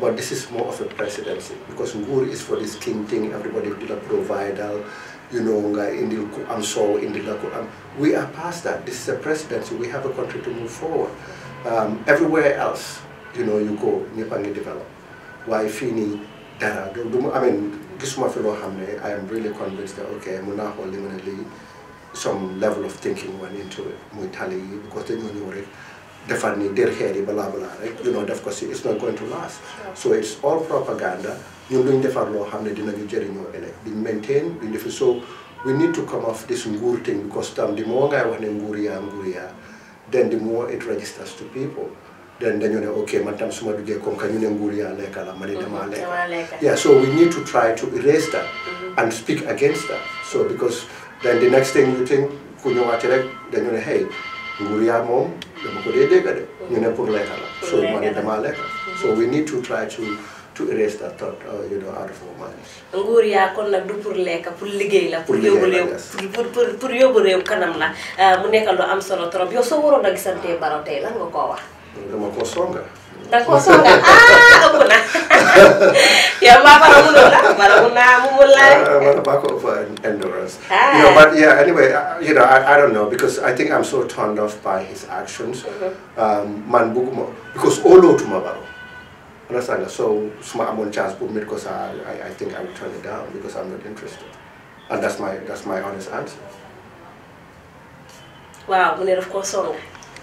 but this is more of a presidency, because Ngur is for this king thing, everybody did a provider, you know, I'm so in the We are past that. This is a presidency. We have a country to move forward. Um, everywhere else, you know you go, ñëpp develop Why? Fini, dara I mean, this amee gisuma I am really convinced that ok Munaho naa some level of thinking went into it Muitali, because they ñëw rek defar ni dér xeer yi balaa balaa you know def it's not going to last so it's all propaganda the luñ Hamne, you know, you dinañu jëriñoo ëllëg duñ maintain duñ defi so we need to come off this nguur thing because um, the more I want to nguur yaa then the more it registers to people then then you know okay matam suma duge kon kanyune nguri ya leka la mani dama leka yeah so we need to try to erase that mm -hmm. and speak against that so because then the next thing you think kunyo watere then you know hey nguri ya mom dama ko dede ga de ñu ne pour leka la so mani dama leka so mhm. we need to try to to erase that thought uh, you know out of our minds nguur yaa kon nag du pour lekk pour liggéey la pour yóbbu réew pour pour pour yóbbu réew kanam la uh, mu nekk lu am solo trop yow soo waroon a gisantee baro tey lan nga koo wax Ah, endurance. Ah. You know, but yeah. Anyway, I, uh, you know, I, I don't know because I think I'm so turned off by his actions. Mm-hmm. Um, man bukumo because all olo tumabaro. Understand? So, I smart amount chance put me because I, I, I think I will turn it down because I'm not interested, and that's my that's my honest answer. Wow, we need course kosonga.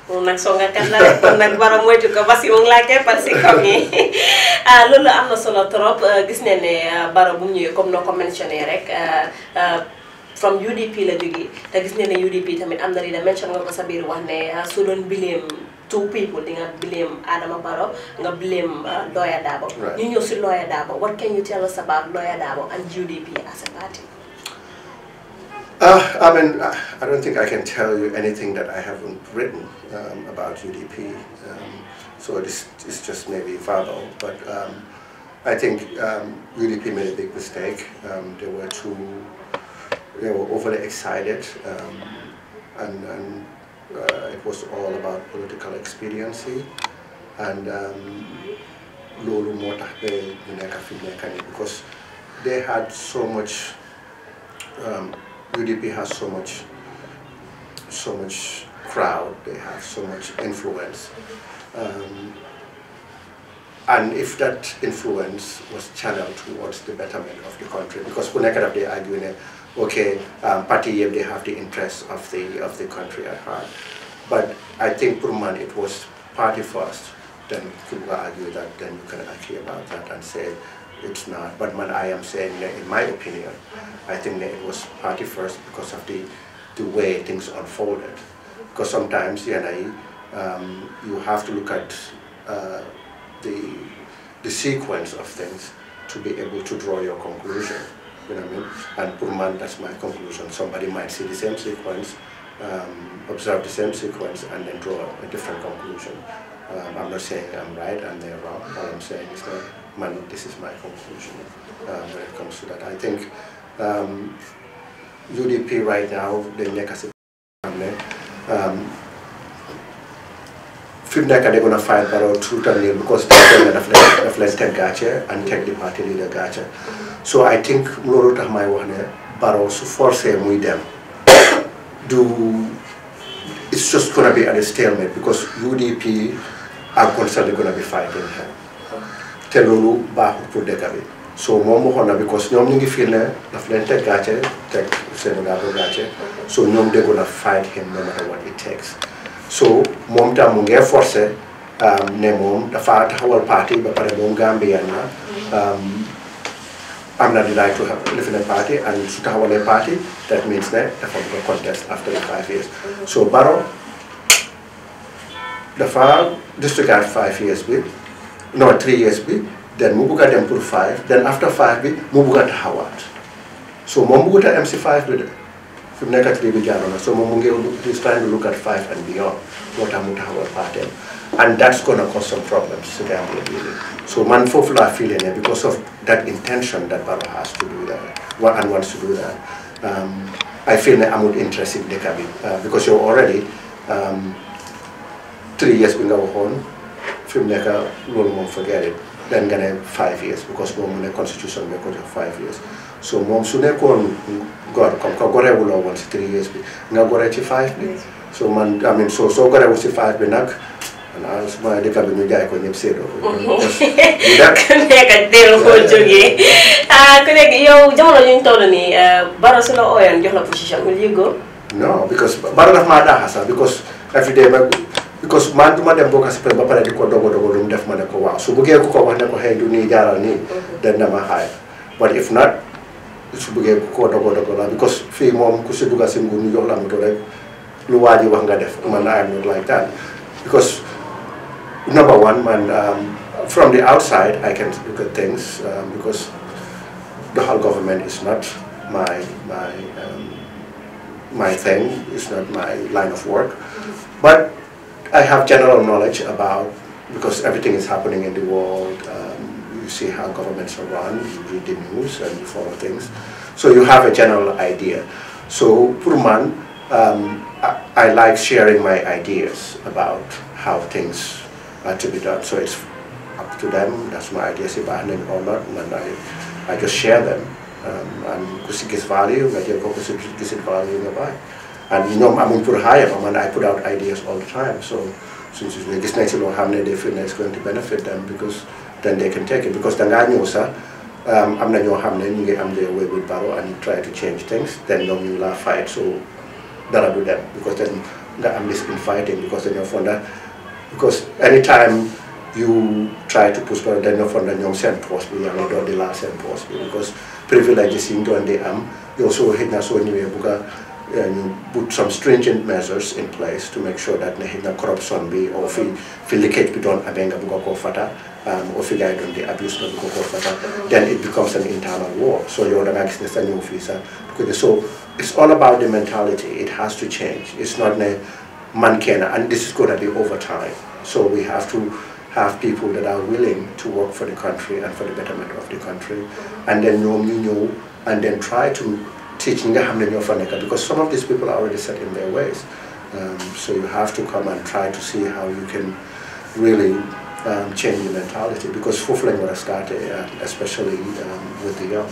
moom nag soo nga kat la rek kon nag bara moytu ko basi mu ngi laa loolu am na solo trop gis ne ne bara bu mu ñëwee comme noo ko mentionné rek from UDP la jógee te gis ne ne UDP tamit am na li da mention nga sa biir wax ne su doon bileem two people di nga blame Adama Barrow nga blame Lawyer Darboe ñu ñëw si Lawyer Darboe what can you tell us about Lawyer Darboe and UDP as a party Uh, I mean, uh, I don't think I can tell you anything that I haven't written um, about UDP. Um, so it's, it's just maybe verbal. But um, I think UDP um, made a big mistake. Um, they were too, they were overly excited. Um, and, and uh, it was all about political expediency. And Lulu moo tax because they had so much UDP has so much, so much crowd, they have so much influence. Um, and if that influence was channeled towards the betterment of the country, because Kunekadab they argue, okay, um, party they have the interests of the of the country at heart. But I think Purman it was party first, then people argue that then you can argue about that and say it's not. But what I am saying, in my opinion, I think that it was party first because of the, the way things unfolded. Because sometimes, you know, um, you have to look at uh, the, the sequence of things to be able to draw your conclusion. You know what I mean? And Purman, that's my conclusion. Somebody might see the same sequence, um, observe the same sequence, and then draw a different conclusion. Um, I'm not saying I'm right and they're wrong. All I'm saying is that this is my conclusion um, when it comes to that. I think um, UDP right now, the Nekasi um, fim they are gonna fight Barrow through Tanil because they are leen daf leen teg gàcce and take the party leader gàcce so I think loolu tax may one, ne Barrow su forcé muy dem it's just gonna be at a stalemate because UDP are constantly gonna be fighting him pour dëkk bi so mom waxoon na because ñoom ñu ngi fii ne daf leen teg gàcce teg Sénégal bu gàcce so noom de are fight him no matter what it takes so moom tam mu ngee forcé um, ne moom dafa taxawal parti ba pare moom Gambien i um, am not di to live in a party and su taxawalee party, that means that the bëgg contest after five years so Barrow dafa disregard five years no, three years bi then mu dem pour five then after five bi mu bugg a so moom buggut a am five bi de fi mu nekk three bi jaaroon so moom mu ngi he's trying to look at five and beyond moo tax mu taxawal and that's gonna cause some problems si Gambia bi so man foofu laa feeling ne because of that intention that Baro has to do that what and wants to do that um, I feel that amul interested in dëkk uh, because you're already um, three years in our home. fi mu nekk loolu moom forget it dem nga ne five years because moom mu ne constitution bi ko jox five years so moom su nekkoon góor comme que gorewuloo woon si three years bi nga gore ci five bi so man I mean so soo gorewu si five bi nag ah su ma dëkk bi ñu jaay ko ñëpp séedoo ko. ku nekk dellu koo jógee ah ku nekk yow jamono yi ñu toll nii eh, Barrow su la ooyoon jox la position nga yëgoo. non because Barrow daf maa daaxa sax because every day ma. because man duma dem go ko express ba pare di ko dogo dogo lu mu def ma ne ko waaw su bëggee ku ko wax ne ko xëy du nii jaaral nii dañ dama xaay but if not su bëggee ku ko dogo dogo la because fii moom ku si dugga si nguur ñu jox la moto rek lu waa ji wax nga def man I am not like that because number one man um, from the outside I can look at things um, because the whole government is not my my um, my thing it's not my line of work mm-hmm. but I have general knowledge about, because everything is happening in the world, um, you see how governments are run, you read the news and you follow things. So you have a general idea. So Purman, um, I, I like sharing my ideas about how things are to be done. So it's up to them, that's my ideas if I have or not, and I, I just share them. Um, and kusik is value, ngajar ko kusik is value and you know, I'm in Purhayam and I put out ideas all the time. So since it's this next law hamne they feel that it's going to benefit them because then they can take it. Because danga nyosa, um I'm not your hamne, you am the way with Barrow and you try to change things, then no you laugh fight. So that'll do them because then I'm just been fighting because then you're fonder because anytime you try to push back then you're fonder nyom send post me and not the last send post because privilege is in and they am um, you also hit that so anyway because uh, you put some stringent measures in place to make sure that na corruption be or fi fi leakage bi don abenga bu fata um, or fi guy don the abuse of bu fata then it becomes an internal war so you don't access the new officer. so it's all about the mentality it has to change it's not a man can and this is going to be over time so we have to have people that are willing to work for the country and for the betterment of the country and then know you know and then try to Teaching ñi nga xam ne because some of these people are already set in their ways um, so you have to come and try to see how you can really um, change the mentality because foofu what I started, starté um, especially um, with the young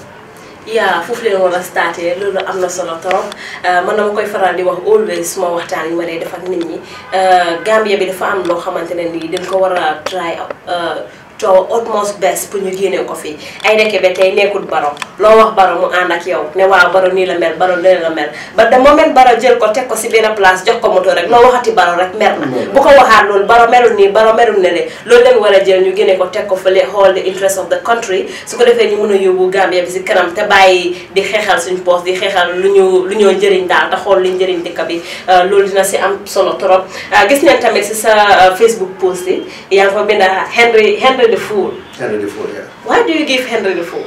Yeah, foofu what I started, starté loolu am na solo trop uh, man dama koy faral di wax always suma waxtaan yi ma dee def ak nit ñi uh, Gambia bi dafa am loo xamante ne dañ ko war a try uh, coow utmost best pour ñu génne ko fii ay nekke ba tey nekkul baro loo wax baro mu ànd ak yow ne waaw baro nii la mel baro nii la mel ba da moment baro jël ko teg ko si benn place jox ko moto rek loo waxati baro rek mer na bu ko waxaat loolu baro melul nii baro melul ne le loolu leen war a jël ñu génne ko teg ko fële xool the interest of the country su ko defee ñu mën a yóbbu Gambia bi si kanam te bàyyi di xeexal suñ poos di xeexal lu ñu lu ñoo njëriñ daal te xool li njëriñ dëkk bi euh, loolu dina si am solo trop euh, gis neen tamit si sa euh, Facebook post yi yaa ngi fa bind Henry Henry the Fool. Henry the Fool, yeah. Why do you give Henry the Fool?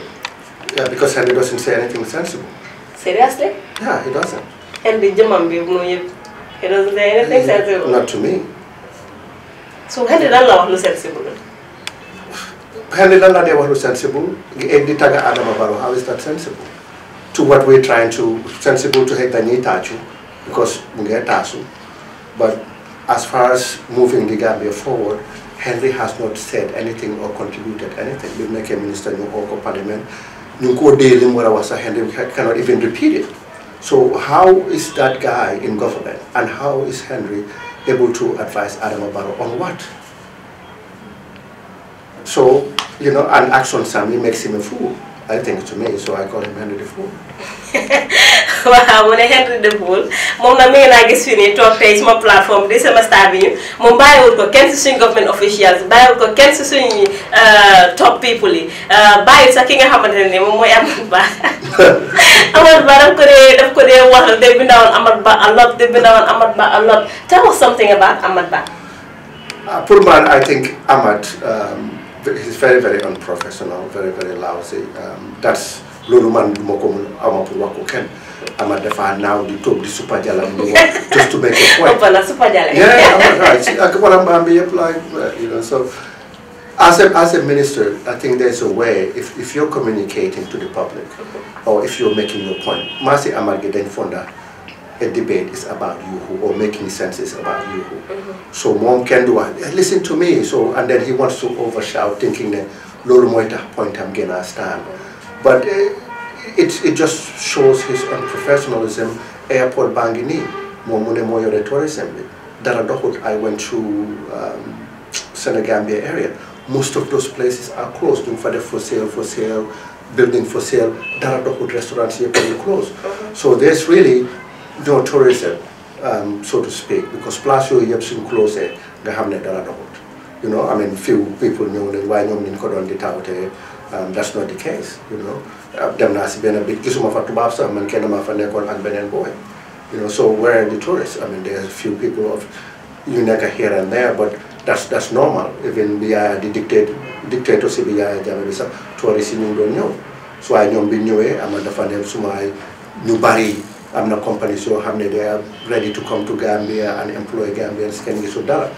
Yeah, because Henry doesn't say anything sensible. Seriously? Yeah, he doesn't. Henry Jaman he doesn't say anything he, sensible. Not to me. So Henry Dalla was no sensible. Henry Dalla they were sensible. Eddie Taga Adam Abaro, how is that sensible? To what we're trying to sensible to hate the Nitachu because we get Tasu. But as far as moving the Gambia forward, Henry has not said anything or contributed anything You make a minister in your parliament you Henry cannot even repeat it so how is that guy in government and how is Henry able to advise Adama Barrow on what so you know an action Sammy makes him a fool I think to me, so I call him Henry the Fool. waaw mu Henry the Fool moom na me ngi naa gis fii nii toog tey suma plateforme di sama star bi ñu moom bàyyiwul ko suñ government officials bàyyiwul ko kenn si suñ euh, top people yi euh, bàyyi sax ki nga xamante ne moom mooy Amadou Ba Amadou Ba daf ko dee daf ko dee wax de Ba a lot de bindawoon Amadou Ba a lot tell us something about Amadou Ba. ah pour man I think Amadou. Um, it's very very unprofessional very very lousy um, that's loolu man du ma ko mun ama pour wax ko kenn ama dafa naaw di just to make a point. voilà supa jala. yeah ak wala mbaam bi yëpp like you know so as a as a minister I think there's a way if if you're communicating to the public or if you're making your point Masi si then fonda a debate is about you who, or making sense is about you mm -hmm. so mom can do it listen to me so and then he wants to overshout thinking that lolu moy tax point am gëna stand but uh, it it just shows his unprofessionalism airport Bangini, Momune mom mu ne mo yore tourism bi i went to um, senegambia area most of those places are closed duñ fa def for sale for sale building for sale dara doxut restaurants yëpp closed mm-hmm. so there's really no tourism um, so to speak because plus you eh, have suñ closé nga xam ne dara doxut you know I mean few people ñëw nañ waaye ñoom not ko doon di tawatee that's not the case you know dem uh, naa si benn bi gisuma fa tubaab sax man kenn maa fa nekkoon ak beneen booy you know so where are the tourists I mean there are few people of Uneka here and there but that's that's normal even the dictator, di dictate dictatorship bi yaaya jame bi sax tourist yi ñu ngi doon ñëw so waaye ñoom bi ñëwee ama dafa ne suma ñu bari am na companies yoo xam they are ready to come to Gambia and employ Gambians kenn gisul dara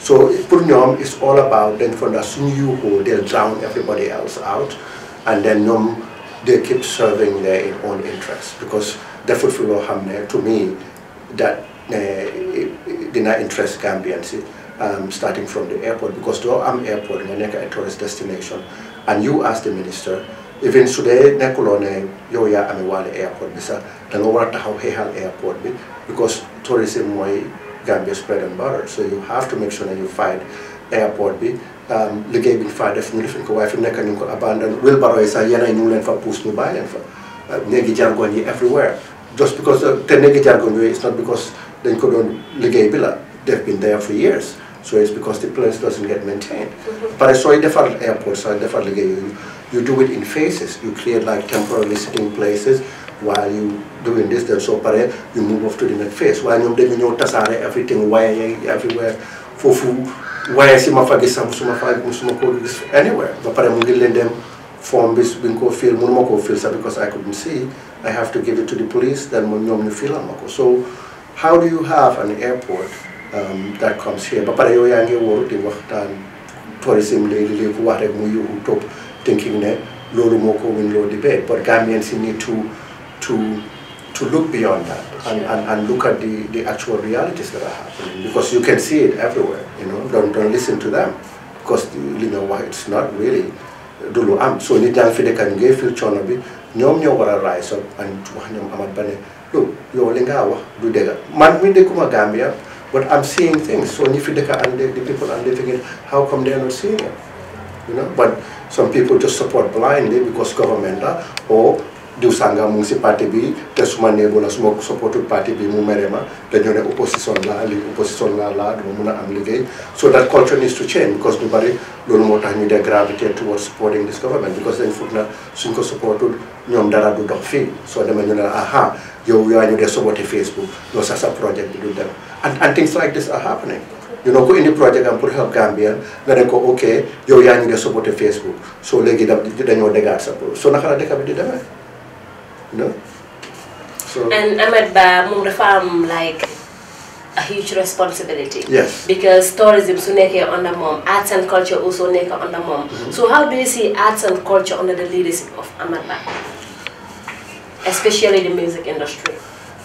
so for them, it's all about then fa ndax suñu who they'll drown everybody else out and then them they keep serving their own interest because defut fulfill loo Hamne, to me that eh, dina interest Gambians um, starting from the airport because i am airport nga nekk a tourist destination and you as the minister even today nekkuloo ne yow yaa airport bi sax da nga war airport bi because tourism way Gambia spread and butter so you have to make sure that you fight airport bi um, liggéey bi ñu faa def ñu defuñ ko waaye fi mu nekk ñu ko abandon wil baroy sax yéen ñu ngi fa pousse ñu fa jargon yi everywhere just because uh, the néegi jargon it's not because dañ ko doon bi la they've been there for years so it's because the place doesn't get maintained mm-hmm. saw sooy defar airport sax defar liggéey yooyu you do it in phases. You create like temporary sitting places while you doing this, then so pare, you move off to the next phase. While you're doing your tasare everything where everywhere fufu, where si ma fa some sax musuma fa musuma koo anywhere. But pare mu ngi leen dem form this being nga koo fiil mënuma koo fiil because I couldn't see. I have to give it to the police then moom ñoom ñu fiilal So how do you have an airport um, that comes here But pare you, yaa ngi wóoru di waxtaan tourism léegi-léegi ku wax rek mu thinking that Lolo Moko win Lolo debate, but Gambians need to to to look beyond that and, and, and look at the, the actual realities that are happening because you can see it everywhere, you know, don't, don't listen to them because you know why it's not really uh, dulu am so ni jang fide kan ngay fil a bit ñom ñoo wara rise up and wax ñom amat bané look you li nga wax dega man mi dekuma gambia but i'm seeing things so ni fi deka and the people are living it how come they're not seeing it you know. But some people just support blindly because government uh, or diw sànga mu ngi si parti bi te suma néebo la suma supportu parti bi mu mere ma dañoo opposition la li opposition la la do mun am liggéey so that culture needs to change because ñu bari loolu moo tax ñu dee gravitate towards supporting this government because dañ foog na suñ ko supportul ñoom dara du dox fii soo demee ñu ne aha yow yaa ñu dee Facebook loolu sax sa projet bi du dem and and things like this are happening you know ko indi project am pour help Gambia then ne go, ok yow yaa ñu support supporté Facebook soo léegi dañoo dégaat sa bopp soo So la dëkk bi di demee no so and Ahmed Bah moom dafa like a huge responsibility yes because tourism su on under mom, arts and culture also nekk under mom. Mm-hmm. so how do you see arts and culture under the leadership of Ahmed Bah especially the music industry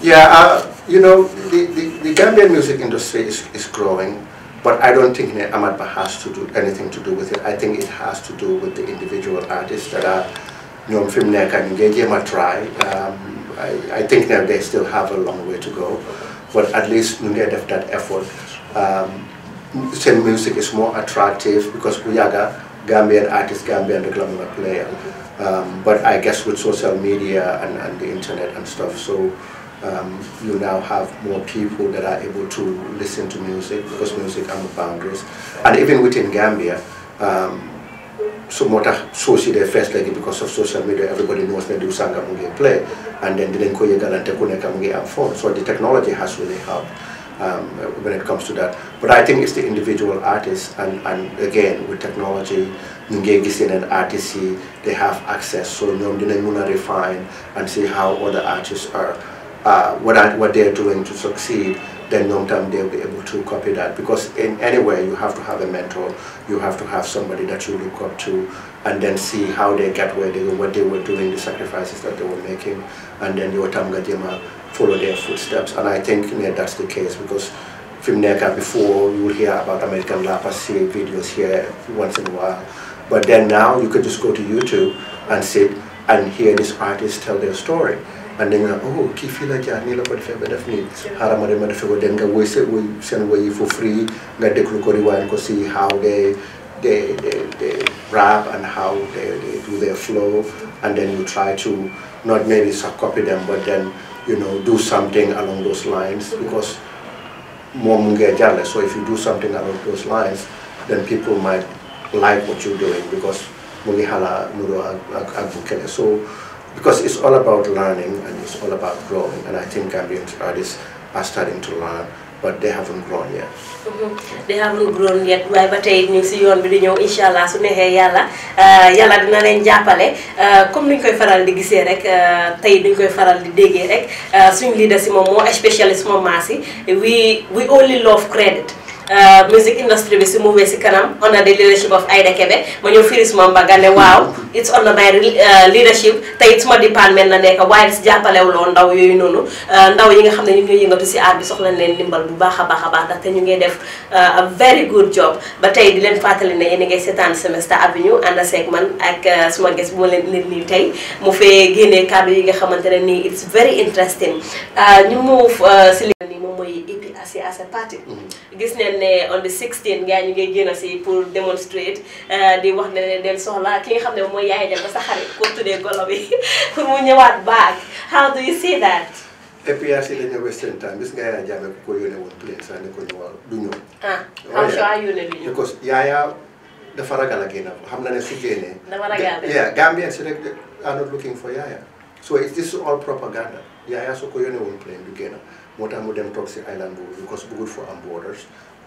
yeah, uh, you know, the, the, the, Gambian music industry is, is growing, but I don't think Ahmad Ba has to do anything to do with it. I think it has to do with the individual artists that are ñoom fi mu nekk ñu try I think that they still have a long way to go but at least ñu ngi that effort um, Same music is more attractive because Uyaga, Gambian artist Gambian the la player, um, but I guess with social media and and the internet and stuff so um, you now have more people that are able to listen to music because music has boundaries. And even within Gambia, um, so mota soci the first lady because of social media everybody knows they do sanga mungi play and then didn't ko yegalante kuneka mungi phone so the technology has really helped um, when it comes to that but i think it's the individual artists and, and again with technology Ngegisin and RTC, they have access so nyom dinañ mëna refine and see how other artists are uh, what, what they're doing to succeed, then long term they'll be able to copy that. Because in anywhere you have to have a mentor, you have to have somebody that you look up to, and then see how they get where they what they were doing, the sacrifices that they were making, and then your tamgadima follow their footsteps. And I think yeah, that's the case because Fimneka before you will hear about American rappers, see videos here once in a while. But then now you could just go to YouTube and sit and hear these artists tell their story. And then, oh kii fii la jaar ni la ko defee ba def nii xaaral ma dem ma ko den nga woy se woy seen woy for free nga déglu ko way ko see how they they they they rap and how they they do their flow and then you try to not maybe copy them but then you know do something along those lines because moom nga jàlle so if you do something along those lines then people might like what you're doing because mu ngi xala nuro ak ak so because it's all about learning and it's all about growing. And I think Gambian artists are starting to learn, but they haven't grown yet. they haven't grown yet Why, but tey ñu ngi si yoon bi di ñëw incha allah su neexee yàlla uh, yàlla dina leen jàppale uh, comme ni ñu koy faral di gisee rek uh, tey duñ koy faral di déggee rek suñu leader si moom moo spécialiste we we only love credit. Euh, music industry bi si movie si kanam under the leadership of Aida Kebe ma ñëw firi suma mbaga ne waaw it's under my euh, leadership te it suma département na nekk waaye si jàppalewuloo ndaw yooyu noonu euh, ndaw yi nga xam ne ñu ngi yëngatu si aar bi soxla leen ndimbal bu baax a baax a baax ndaxte ñu ngi def a very good job ba tey di leen fàttali ne yéen a ngi seetaan Semester Avenue ànd seeg man ak suma ges bu ma leen leen nii tey mu fee génnee kàddu yi nga xamante ne nii it's very interesting ñu move si li mooy EPRC a party ne on the 16 gars ñu ngay génn si pour demonstrate euh, di wax ne del soxla ki nga xam ne mooy Yaya Jammeh sa xarit ko tuddee golo bi pour mu ñëwaat baag how do you see that. APRC dañoo western time gis nga Yaya Jammeh ku ko yónnee woon plane sax ne ko ñëwaal du ñëw. ah am soo ay yónnee du ñëw because Yaya dafa ragal a génn xam na ne si génnee. dafa ragal de yeah Gambians rek are not looking for Yaya so it is all propaganda Yaya su ko moo tax mu dem toog si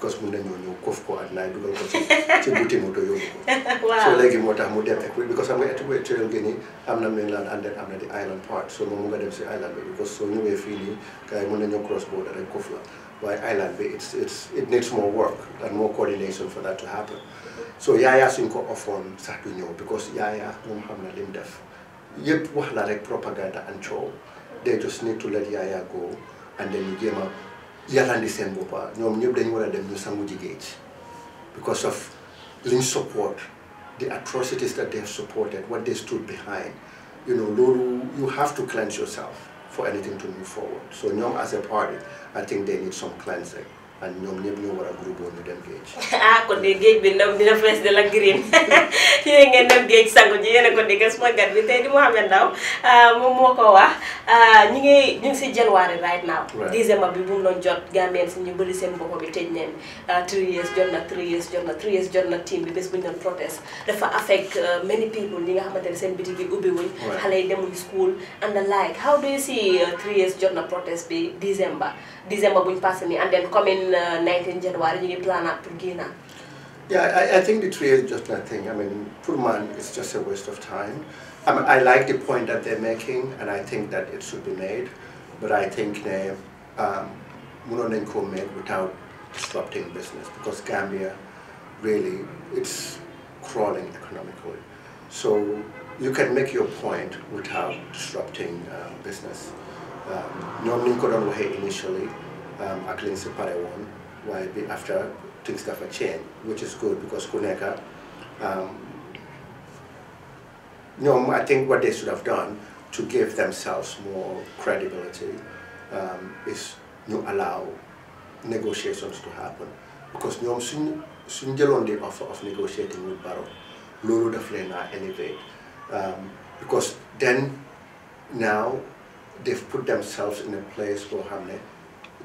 cos mun nañoo ñëw këf ko at naay dugal ko ci ci buti moto yóbbu so léegi moo tax mu dem ak because xam nga Etugo Equatorial Guinea am na mainland and then am na di island part so mo mu nga dem si island because so ñëwee fii nii gars yi mun nañoo cross border rek këf la waaye island bi it's it's it needs more work and more coordination for that to happen. so yaya suñ ko offoon sax du ñëw because yaya mo xam na lim def yëpp wax la rek propaganda and show they just need to let yaya go and then ñu jéem a yarandi seen boppa ñoom ñëpp dañu war dem ñu sangu ji géej because of liñ support the atrocities that they have supported what they stood behind you know loolu you have to cleanse yourself for anything to move forward so no, as a party I think they need some cleansing ak ñoom ñëpp ñoo war a groupe ñu dem géej. ah kon de géej bi ndaw dina fees de la green yéen ngeen dem géej sangu ji yéen a ko dégg suma gat bi tey di Mouhamed Ndaw ah, moom moo ko wax ah, ñu ngi ñu ngi si January right now. décembre bi bu mu doon jot Gambien si ñu bëri seen bopp bi tëj neen ah, three years jot na three years jot na three years jot na team bi bés bu ñu doon protest dafa affect many people ñi nga xamante ne seen bitig bi ubbi wuñ. xale yi demuñ school and the like how do you see three years jot na protest bi décembre décembre bu ñu passé nii and then coming Uh, 19 January you plan to Ghana? Yeah, I, I, think the trade is just nothing. I mean, Purman is just a waste of time. I, mean, I like the point that they're making, and I think that it should be made, but I think they um, not make without disrupting business because Gambia really it's crawling economically. So you can make your point without disrupting uh, business. Um, Normally, initially um, against Paragon why after things have change, which is good because Kuneka, um, you know, I think what they should have done to give themselves more credibility um, is you know, allow negotiations to happen because you know, soon jëloon the offer of negotiating with Barrow lulu the leen elevate um, because then now they've put themselves in a place for xam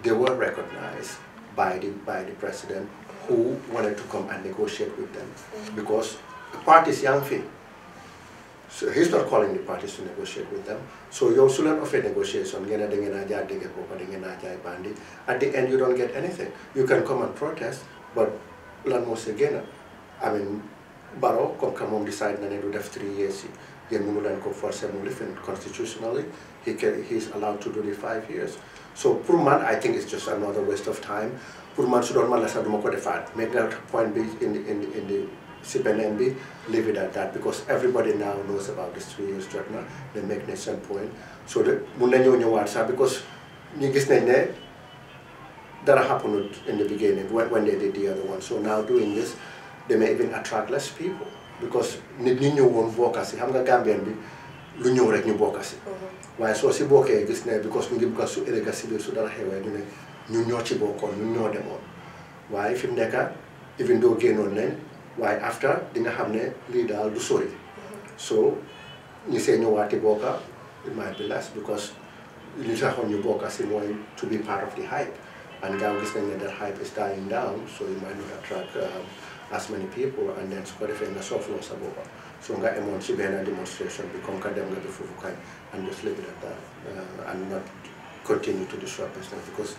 they were recognized by the, by the president who wanted to come and negotiate with them because the party is young thing. So he's not calling the parties to negotiate with them. So you're still of a negotiation. At the end, you don't get anything. You can come and protest, but lan mo si I mean baro come que moom decide na he du def three years yi yéen ko for constitutionally he can, he's allowed to do the five years so Purman, I think, is just another waste of time. Purman should malas ada mau kode Make that point be in the, in, in the CPNMB, leave it at that because everybody now knows about this three years drug now. They make nation point. So the muna nyo nyo WhatsApp because nigis nene that happened in the beginning when, when they did the other one. So now doing this, they may even attract less people because nit ñi not bokk si xam nga Gambien bi lu ñëw rek ñu bokk si. Mm-hmm waaye so si bokkee gis ne because ñu ngi bugg a su ëllëg si biir su dara xewee ñu ne ñun ñoo ci bokkoon ñun ñoo demoon waaye fi mu even though génnoon nañ waaye after di nga xam ne lii daal du sori so ñu see ñëwaati bokka it might be less because li taxoon ñu bokka si mooy to be part of the hype and daaw gis nañ that hype is dying down so you might not attract um, as many people and then su ko soft nga soof lool sa boppa so nga emoon si benn demonstration bi comme que dem nga bi foofu kañ and just leave it at that uh, and not continue to disrupt business because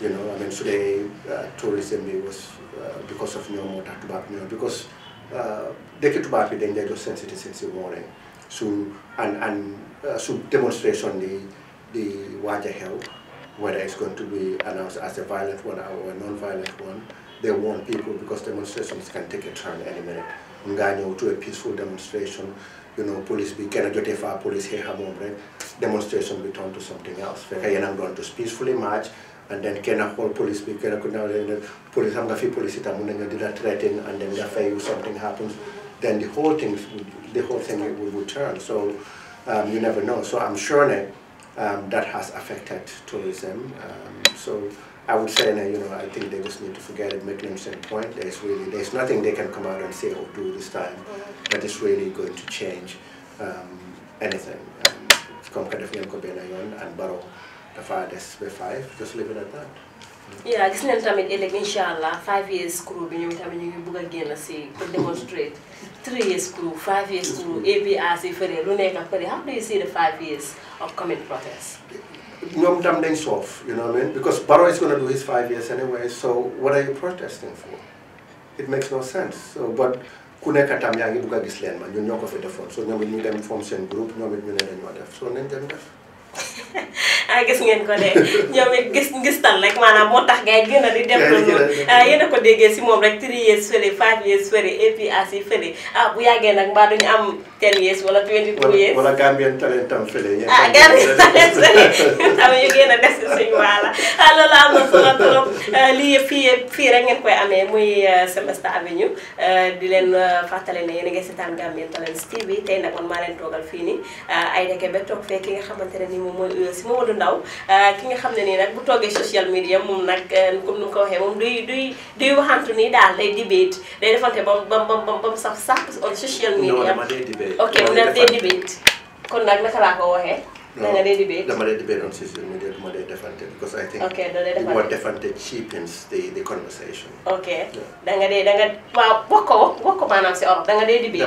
you know I mean today uh, tourism was uh, because of no more that Because, uh, they know because dëkk they just sent it doon sensitive si warning su and and uh, so demonstration the the waaj a whether it's going to be announced as a violent one or a non-violent one they warn people because demonstrations can take a turn any minute ngaa ñëw to a peaceful demonstration you know police bi kenn jotee faa police xeexa moom right. demonstration be turned to something else fekk yéen a ngi doon to peacefully march and then kenn xool police bi kenn ku ne police xam nga fi police itam mun nañu dina threaten and then nga fay something happens then the whole thing the whole thing will, will turn so um, you never know so I'm sure that um, that has affected tourism um, so I would say you know, I think they just need to forget it, make them same point. There's really, there's nothing they can come out and say or do this time that is really going to change um, anything. Comcare def ngeen ko benn yoon and Barrow And des the five just leave it at that. Yeah, this neen tamit ëllëg incha allah five years crew bi ñoom tamit ñu ngi bugg a génn see. pour demonstrate three years crew five years crew APRC fële lu nekk ak fële how do you see the five years of coming protests? ñoom tam dañ soof you know what I mean because Barrow is going to do his five years anyway so what are you protesting for it makes no sense so but ku nekk tam yaa ngi bugg a gis leen ma ñun ñoo ko so ñoom it ñu dem form seen group ñoom it ñu ne dañoo def so nañ dem def ah gis ngeen ko de ñoom it gis ngistal rek maanaam moo tax ngay gën a di def ñu ah yéen a ko déggee si moom rek three years fële five years fële et puis as yi fële ah bu yàggee nag mbaa duñu am ten years wala twenty two years wala Gambian talent tam fële ah Gambian talent fële tam yu gën a des si suñu waala ah loolu am na solo trop lii fii fii rek ngeen koy amee muy Semester Avenue di leen fàttali ne yéen a ngi seetaan Gambian Talents TV tey nag man maa leen toogal fii nii ay deke ba toog fee ki nga xamante ne ni moom mooy si Mamadou Ndaw ah, ki nga xam ne nii nag bu toogee social media moom nag eh, comme ni mu ko waxee moom duy duy duy waxantu nii daal day debate day defante ba mu sax sax ok ko waxee. da nga day debate dama day debate on social media dama day defante because I think. ok da day defante what defante cheapens the the conversation. ok da nga day da nga waaw bokkoo bokkoo maanaam si Europe da nga debate.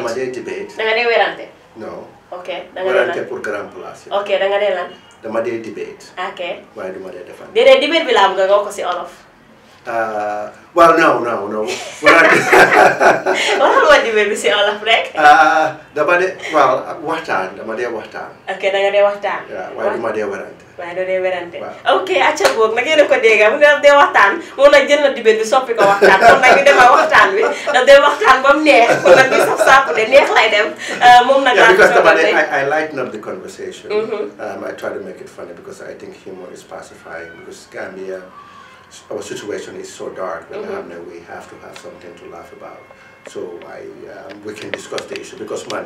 dama day werante. ok da nga ne lan pour grand place. ok da nga ne lan. dama dee debate. ok waaye du ma dee defar. déedéet debate bi laa bëgg nga ko si olof. Uh, well, no, no, no. Uh, uh, what Orang you di BBC olah break. Ah, the dia. Well, wahtang, dapat dia wahtang. Okay, dapat dia wahtang. Yeah, why dapat dia wahtang. Why do they wahtang? Okay, acha buat. Nanti ada kau dia, kamu the dia wahtang. Mau nak jenar di BBC sopi kau wahtang. Kau nanti dia mau wahtang, bi. Dapat dia wahtang, bom nih. Kau nanti sah sah pun dia nih lah dem. Uh, mau nak. Yeah, because dapat dia, I, I lighten up the conversation. Mm -hmm. um, I try to make it funny because I think humor is pacifying because Gambia. Yeah, our situation is so dark that mm -hmm. we have to have something to laugh about. So I, um, we can discuss the issue because man,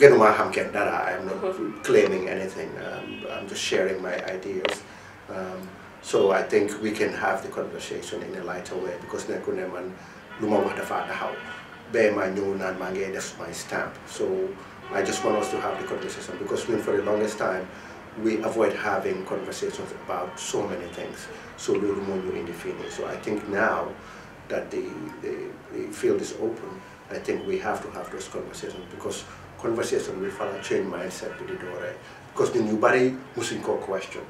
Genuma Hamken Dara, I'm not mm -hmm. claiming anything. Um, I'm just sharing my ideas. Um, so I think we can have the conversation in a lighter way because Nekune man, Luma Wadafada how, Be my new Nan Mange, that's my stamp. So I just want us to have the conversation because we, for the longest time, we avoid having conversations about so many things so loolu moo ñu indi fii so I think now that the the the field is open I think we have to have those conversations because conversation will fara change mindset bi di dooree because ñun ñu bari musuñ koo question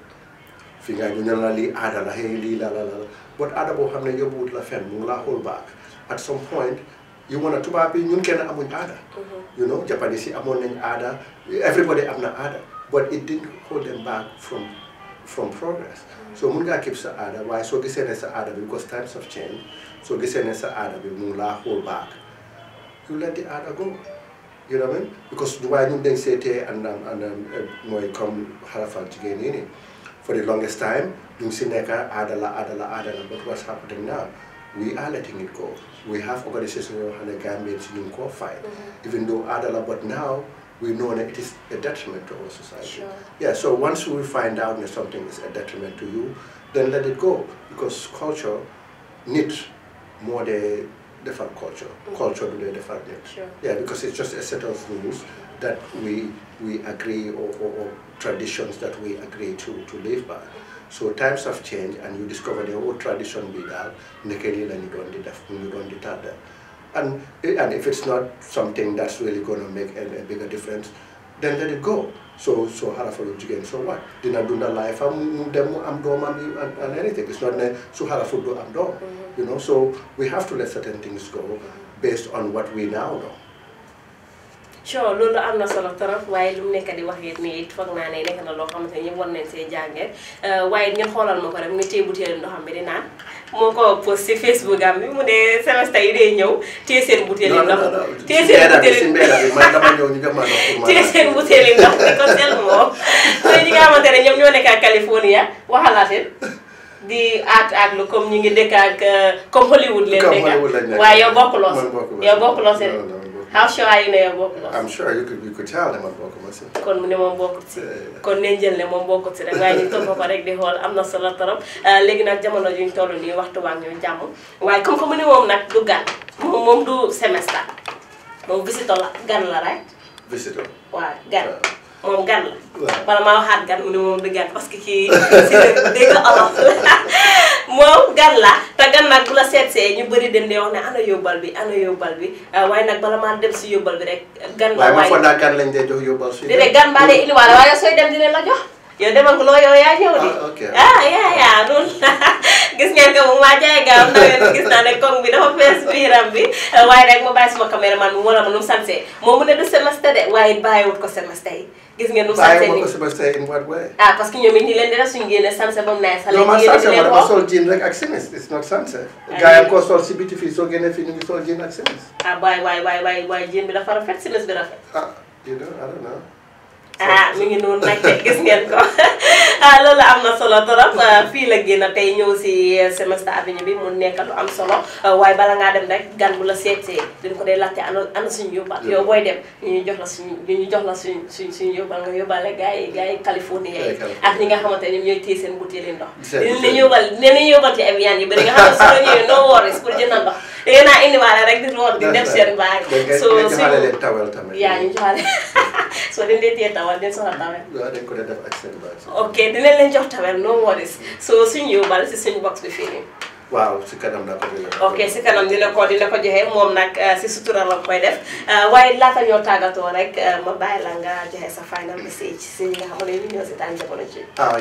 Finger you ñu ne la lii ah, la la la la but aada boo xam ne la fenn mula hold back at some point you want a to bi ñun kenn amuñ aada you know Japanese yi amoon nañ everybody am ada, but it didn't hold them back from from progress so mun ngaa keep sa aada waaye soo gisee ne because times have changed, so gise nesa sa aada hold back you let the aada go you know what I mean because waaye then say seetee and um, and mooy comme come jigéen ñi nii for the longest time ñu ngi si adala, adala, la la la but what's happening now we are letting it go we have organisations and xam ne Gambia si fight mm-hmm. even though adala, la but now we know that it is a detriment to our society. Sure. Yeah, so once we find out that something is a detriment to you, then let it go because culture needs more the different culture. Mm -hmm. Culture do the different need. Sure. Yeah, because it's just a set of rules that we we agree or, or, or traditions that we agree to, to live by. Mm-hmm. So times have changed and you discover the old tradition be that, you don't you don't and and if it's not something that's really going to make a, a bigger difference, then let it go. So so how harafa lu jigen so what? do not life i am i am dom am and anything. It's not so how harafa do i am dom. You know, so we have to let certain things go based on what we now know. sure loolu am na solo trop waaye lu mu nekk di wax yéen nii it foog naa ne nekk na loo xamante ne ñëpp war nañ see jàngee uh, waaye ngeen xoolal ma ko rek mu ngi téye butéelu ndoxam bi di naan moo ko post si Facebook am bi mu ne Séleste yi day ñëw téye seen butéeli ndox. téye seen butéeli man dama ñëw ñu ma téye seen butéeli ndox di ko sel moom. tey ñi nga xamante ne ñoom California waxalaatin di aat aat lu comme ñu ngi dëkk ak euh, comme Hollywood. leen dëkk waaye yow bokkuloo si yow bokkuloo si how sure are you ne yow bokkul aussi. I'm sure you could you could tell ne man bokkuma si. kon mu ne moom bokkut si. kon nee ne moom bokkut si rek waaye ñu topp ko rek di xool am na solo trop euh, léegi nag jamono ji ñu toll nii waxtu waa ñoo jàmm waaye comme que mu ne moom nag du gan moom moom du semestre moom visitor la gan la rek. visitor waaw gan. moom gan la. bala maa gan mu ne moom du gan parce que kii si dégg nga olof. mom gan la ta gan nak bu la seetsee ñu bari dañ lay wax ne ana yobal bi ana yobal bi ah, way nak bala ma dem si yobal bi rek gan way ma fa da gan lañ dee jox yobal ci dee gan baa dee wala way soy dem dina la jox yow dem ak lo yow ya ñew di ah ya ya, noonu gis ngeen ko moom waa jaay am na yéen gis na ne kong bi dafa fees biiram bi ah, way rek ma bay suma cameraman bi mu wala ma nu mu mu ne du semestre de way bayiwut ko semestre yi gis ngeen ko suba in what way. ah parce que ñoom it leen dina suñu génne sanse ba mu neex. xale yi yéen a sol jean rek ak simis it's not sanse. gaa ko sol si biti fii soo génnee fii ñu sol jean ak simis. ah waay waay waay waay waay jean bi dafa rafet simis bi rafet. ah you know I don't know. ah mi ngi noonu nag te gis ngeen ko ah, loolu am na solo trop ah, fii la génn tey ñëw si eh, Semester Avenue bi mu nekk lu am solo ah, waaye bala ngaa dem rek gan bu la seetee dañ ko dee laajte ana ana suñu yóbbal yow booy dem ñu jox la suñu ñu jox la suñ suñ suñu yóbbal nga yóbbaale gars yi gars yi Californie yi ak ñi nga xamante ne ñoom ñooy téye seen butéeli ndox dinañ la yóbbal dinañ la yóbbal ci avion yi ba di nga xam ne soo ñëwee no worries pour jënd ndox da ngeen naa indiwaale rek di root di def seen baag so suñu yaa ñu joxale soo dañ dee téye tawal tawal del soxla tawal. waaw dañ ko def ak seen ok dinañ leen jox tawal no worries so suñ yóbbal si suñ box bi fii nii. Okay. si kanam la ko ok si kanam dina ko dina ko joxe moom nag si sutura la koy def waaye laata ñoo tàggatoo final message si ñi nga xam ne ñoo si daan jamono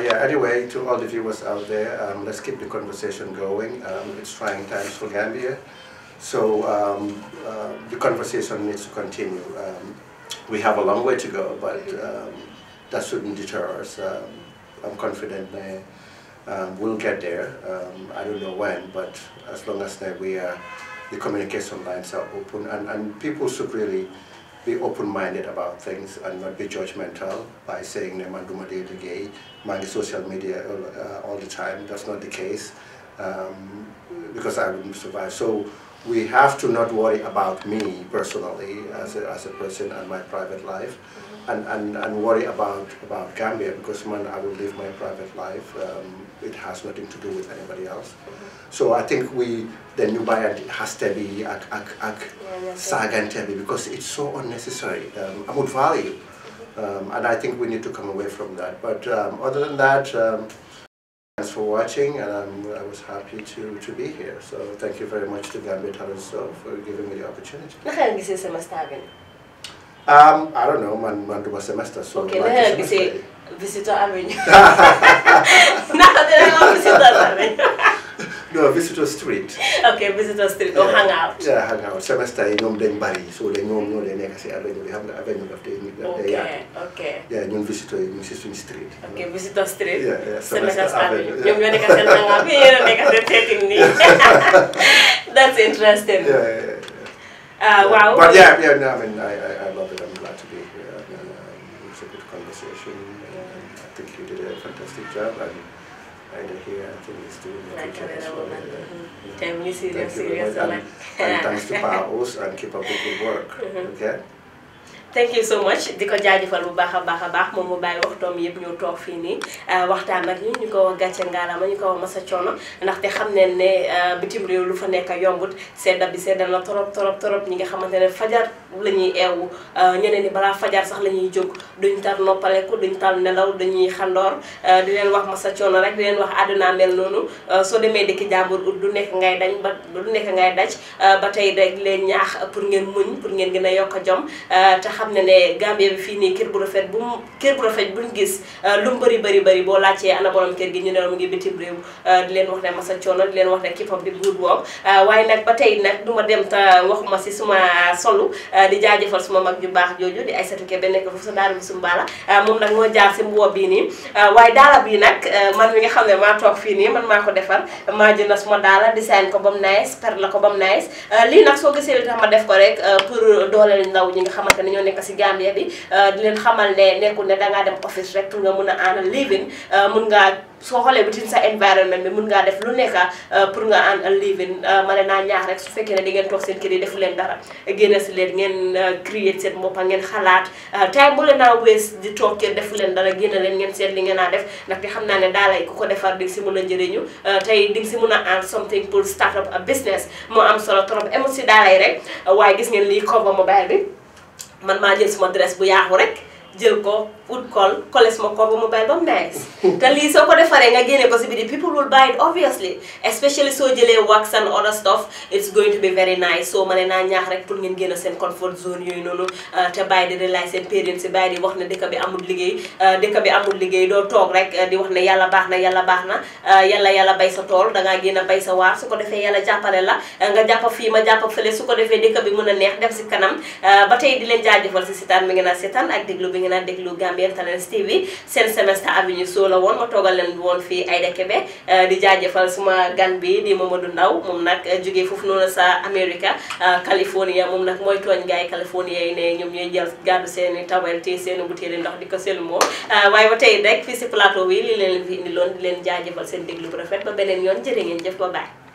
yeah anyway to all the viewers out there um, let's keep the conversation going um, it's trying times for Gambia so um, uh, the conversation needs to continue we have a long way to go, but um, that shouldn't deter us. Um, I'm confident that um, we'll get there. Um, I don't know when, but as long as that we are, uh, the communication lines are open, and, and people should really be open-minded about things and not be judgmental by saying that Manduma did gay, mind social media all, uh, all the time. That's not the case um, because I wouldn't survive. So we have to not worry about me personally as a, as a person and my private life mm-hmm. and, and, and worry about, about Gambia because man, I will live my private life. Um, it has nothing to do with anybody else. Mm-hmm. So I think we, the new buyer has to be ak, ak, ak, sagantebi because it's so unnecessary. Um, I would value. Mm-hmm. Um, and I think we need to come away from that. But um, other than that, um, Thanks for watching and I'm, i was happy to, to be here. So thank you very much to Gambia Talent Show for giving me the opportunity. Naka nga gisee semester bi Um, I don't know, man, man do my semester, so Okay, naka nga gisee visitor avenue. Naka nga visitor avenue. No, visitor street. okay, visitor street Go yeah. hang out. Yeah, hang out. Semester you know, dañ bari so dañ ñoom ñoo dee nekk si avenue bi xam nga avenue daf dee nit ok yeah you visitor yi ñu street. ok visitor street. yeah yeah semester avenue ñoom ñoo nekk seen hang out bi that's interesting. yeah yeah yeah. Uh, wow. But yeah, yeah, no, I mean, I, I, I love it. I'm glad to be here. And, um, uh, it's a good conversation. And, and I think you did a fantastic job. And, either here, I think it's still in the like kitchen as well. Yeah. Mm-hmm. see serious, serious. And, and, and thanks to Paos and keep up the good work. Mm -hmm. Okay? thank you so much di ko jaajëfal bu baax a baax a baax moom mu bàyyi waxtoom yëpp ñu toog fii nii euh, waxtaan ak ñu ñu ko wax gàcce ngaalaama ñu ko wax masa coono ndaxte xam ne ne euh, bitim réew lu fa nekk yombut sedda bi sedda na torop trop torop ñi nga xamante ne fajar la ñuy eewu euh, ñeneen ni balaa fajar sax la ñuy jóg duñ tal noppaleku duñ tal nelaw dañuy xandoor di leen wax masa coono rek di leen wax àdduna mel noonu soo demee dëkk jàmbur ut du nekk ngay dañ ba du nekk ngay daj ba tey rek leen ñaax pour ngeen muñ pour ngeen gën a yokk a jom xam ne ne Gambie bi fii nii kër bu rafet bu mu kër bu gis euh, lu mu bëri bëri bëri boo ana borom kër gi ñu ne euh, euh, waaye nag ba tey nag du ma dem te waxuma si suma solu di jaajëfal suma mag ju baax jooju di Aïssatou Kébé nekk foofu sa daara bi sum baala moom nag moo jaar si mbubb bii nii waaye daala bii nag man mi nga xam ne maa toog fii nii man maa ko defar maa jënd suma daala design ko ba nice per la ko ba nice lii nag soo gisee li tax ma def ko rek pour nekk si Gambia bi euh, di a ana a living euh, euh, ma ngeen create seen bopp ngeen xalaat time bu leen naa wees di toog kër defu leen dara génne leen ngeen seet li ngeen naa def ndaxte xam naa ne daal ku ko defar di si mun a njëriñu tey di si mun a an something pour start up a business moo am solo trop emu si daalay rek waaye gis ngeen lii cover mobile bi man maa jël suma dress bu yaaxu rek jël ko ut kol koles ma ko ba mu bay ba mu nice te lii soo ko defaree nga génne ko si biti people will buy obviously especially soo jëlee wax and other stuff it's going to be very nice soo ma ne naa ñaax rek pour ngeen génn seen comfort zone yooyu noonu uh, te bàyyi di relax seen parents si bàyyi di wax ne dëkk bi amul liggéey uh, doo toog rek uh, di wax ne yàlla baax na yàlla baax na yàlla yàlla bay sa tool dangaa génn bay sa waar su ko defee yàlla la nga jàpp fii a a ngi naan déglu Gambian Talents TV seen Semester Avenue soo la woon ma toogal leen woon fii Aida Kebe eh, di jaajëfal suma gan bi di Mamadou Ndaw moom nag eh, jógee foofu noonu sa America eh, California moom nag mooy tooñ gars yi California yi ne ñoom ñooy jël gàddu seeni tawel te seeni butéeli ndox di ko seen moo waaye ba tey rek fii si plateau bi li leen fi indi loon di leen jaajëfal seen déglu bu rafet ba beneen yoon jërë ngeen jëf ba baax